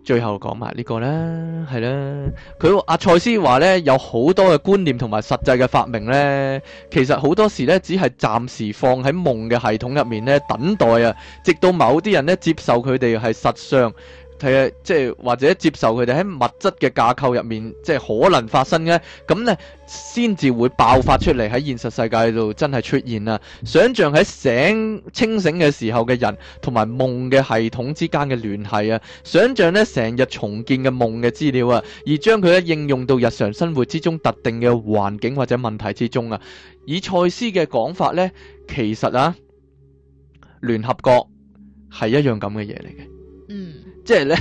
最後講埋、啊、呢個咧，係啦，佢阿賽斯話咧，有好多嘅觀念同埋實際嘅發明咧，其實好多時咧只係暫時放喺夢嘅系統入面咧，等待啊，直到某啲人咧接受佢哋係實相。睇下即係或者接受佢哋喺物質嘅架構入面，即係可能發生嘅，咁呢先至會爆發出嚟喺現實世界度真係出現啊！想象喺醒清醒嘅時候嘅人同埋夢嘅系統之間嘅聯繫啊！想象呢成日重建嘅夢嘅資料啊，而將佢咧應用到日常生活之中特定嘅環境或者問題之中啊！以賽斯嘅講法呢，其實啊，聯合國係一樣咁嘅嘢嚟嘅。即係咧，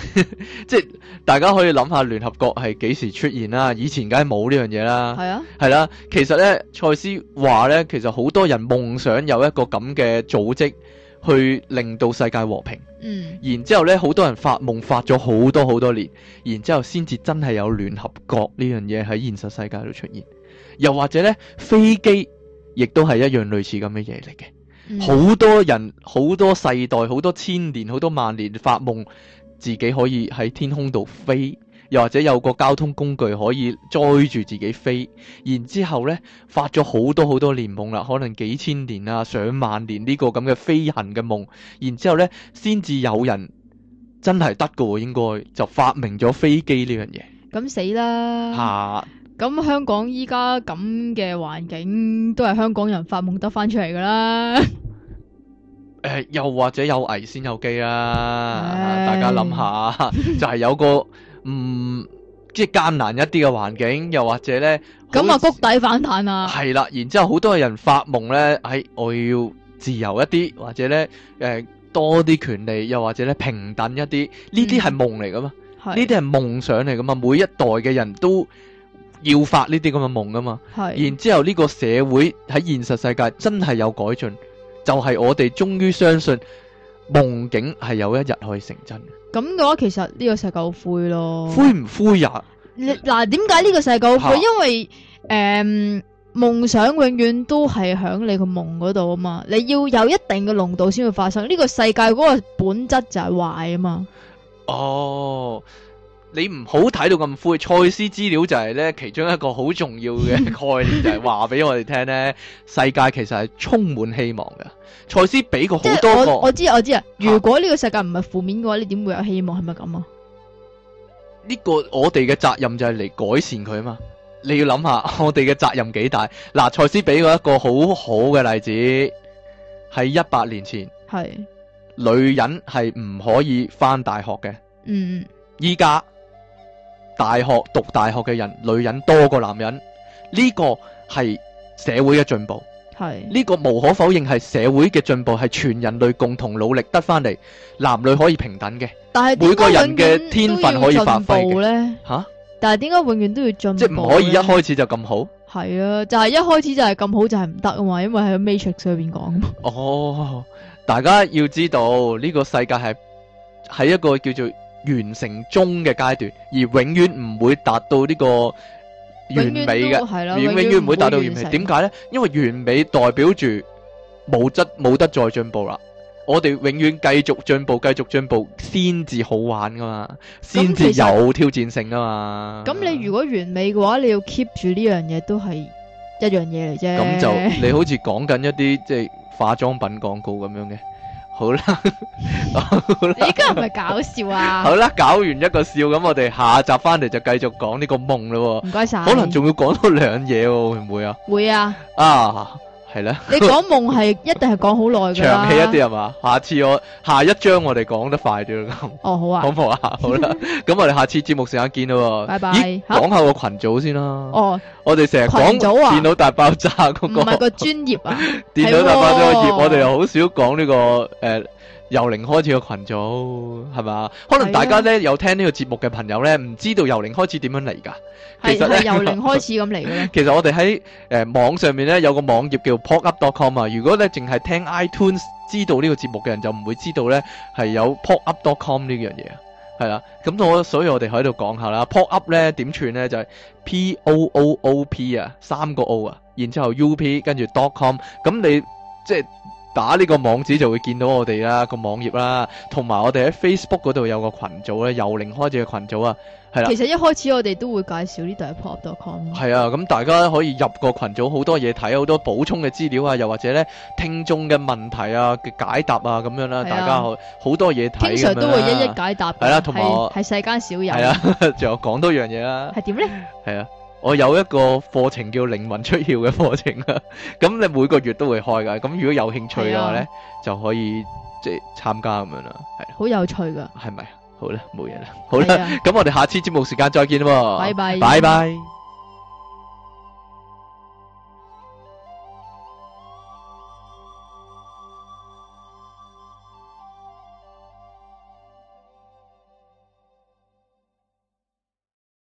即大家可以諗下聯合國係幾時出現啦，啊？以前梗係冇呢樣嘢啦。係啊，係啦，啊啊。其實呢，賽斯話呢，其實好多人夢想有一個咁嘅組織，去令到世界和平。嗯。然之後呢，好多人發夢發咗好多好多年，然之後先至真係有聯合國呢樣嘢喺現實世界度出現。又或者呢，飛機亦都係一樣類似咁嘅嘢嚟嘅。好、嗯、多人，好多世代，好多千年，好多萬年發夢。自己可以喺天空度飛，又或者有個交通工具可以載住自己飛。然之後呢，發咗好多好多年夢啦，可能幾千年啊、上萬年呢個咁嘅飛行嘅夢。然之後呢，先至有人真係得㗎喎，應該就發明咗飛機呢樣嘢。咁死啦！吓、啊！咁香港依家咁嘅環境，都係香港人發夢得翻出嚟㗎啦。 誒、呃，又或者有危先有機啊！大家諗下，就係、是、有個唔即係艱難一啲嘅環境，又或者呢，咁啊谷底反彈啊！係啦，然之後好多人發夢呢，哎，我要自由一啲，或者呢，誒、呃、多啲權利，又或者呢，平等一啲，呢啲係夢嚟噶嘛？呢啲係夢想嚟噶嘛？每一代嘅人都要發呢啲咁嘅夢噶嘛！係，然之後呢個社會喺現實世界真係有改進。嗯就係、是、我哋終於相信夢境係有一日可以成真。咁嘅話，其實呢個世界好灰咯。灰唔灰呀？嗱，點解呢個世界好灰、啊？因為誒、嗯、夢想永遠都係喺你個夢嗰度啊嘛？你要有一定嘅濃度先會發生。呢、這個世界嗰個本質就係壞啊嘛。哦。你唔好睇到咁灰，賽斯資料就係咧其中一個好重要嘅概念， 就係話俾我哋聽咧，世界其實係充滿希望嘅。賽斯俾過好多個，我知我知啊。如果呢個世界唔係負面嘅話，你點會有希望？係咪咁啊？呢、呢個我哋嘅責任就係嚟改善佢啊嘛。你要諗下我哋嘅責任幾大。嗱，賽斯俾過一個好好嘅例子，喺一百年前，係女人係唔可以返大學嘅。嗯，依家。大學讀大學嘅人，女人多過男人，呢、這個係社會嘅進步，係呢、這個無可否認係社會嘅進步，係全人類共同努力得翻嚟，男女可以平等嘅。但係每個人嘅天分可以發揮嘅。但係點解永遠都要進步，啊、即唔可以一開始就咁好？係啊，就係、是、一開始就係咁好就係唔得啊嘛，因為喺 Matrix 上邊講。哦，大家要知道呢、這個世界係係一個叫做完成中嘅階段，而永遠唔會達到呢個完美嘅，永永遠唔會達到完美。點解呢？因為完美代表住冇得冇得再進步啦。我哋永遠繼續進步，繼續進步先至好玩噶嘛，先至有挑戰性吖嘛。咁你如果完美嘅話，你要 keep 住呢樣嘢都係一樣嘢嚟啫。咁就你好似講緊一啲即係化妝品廣告咁樣嘅。好啦，你依家係咪搞笑啊？好啦，搞完一個笑，咁我哋下集翻嚟就繼續講呢個夢咯。唔該晒，可能仲要講多兩嘢，會唔會啊？會啊！啊！係啦，你講夢係一定係講好耐噶啦，長氣一啲係嘛？下次我下一章我哋講得快啲咁，哦好啊，好唔好啊？好啦，咁 我哋下次節目時間見喎。拜拜。講講下個群組先啦，哦，我哋成日講電電腦大爆炸嗰，那個，唔係個專業啊，電腦大爆炸個業，哦，我哋又好少講呢，這個誒。呃由零開始嘅群組係嘛？可能大家咧、啊、有聽呢個節目嘅朋友咧，唔知道由零開始點樣嚟㗎？其實咧由零開始咁嚟嘅。 其實我哋喺誒網上面咧有個網頁叫 popup.com 啊。如果咧淨係聽 iTunes 知道呢個節目嘅人，就唔會知道咧係有 popup.com 呢樣嘢啊。係啦，咁我所以我哋喺度講下啦。 popup 咧點串咧就係、是、p o o o p 啊，三個 o 啊，然之後 u p 跟住 dot com。咁你即係。打呢個網址就會見到我哋啦、個網頁啦，同埋我哋喺 Facebook 嗰度有個群組咧，由零開始嘅群組啊，係啦。其實一開始我哋都會介紹呢度一 pop.com。係啊，咁大家可以入個群組，好多嘢睇，好多補充嘅資料啊，又或者咧聽眾嘅問題啊嘅解答啊咁樣啦、啊，大家好多嘢睇。經常都會一一解答。係、啊啊、啦，同埋係世間少人係啊，仲有講多樣嘢啦。係點咧？係啊。我有一個課程叫靈魂出竅嘅課程啊，咁 你每個月都會開噶，咁如果有興趣嘅話呢、啊，就可以即參加咁樣啦，係好有趣噶，係咪？好啦，冇嘢啦，好啦，咁、啊、我哋下次節目時間再見咯，拜拜，拜拜。拜拜。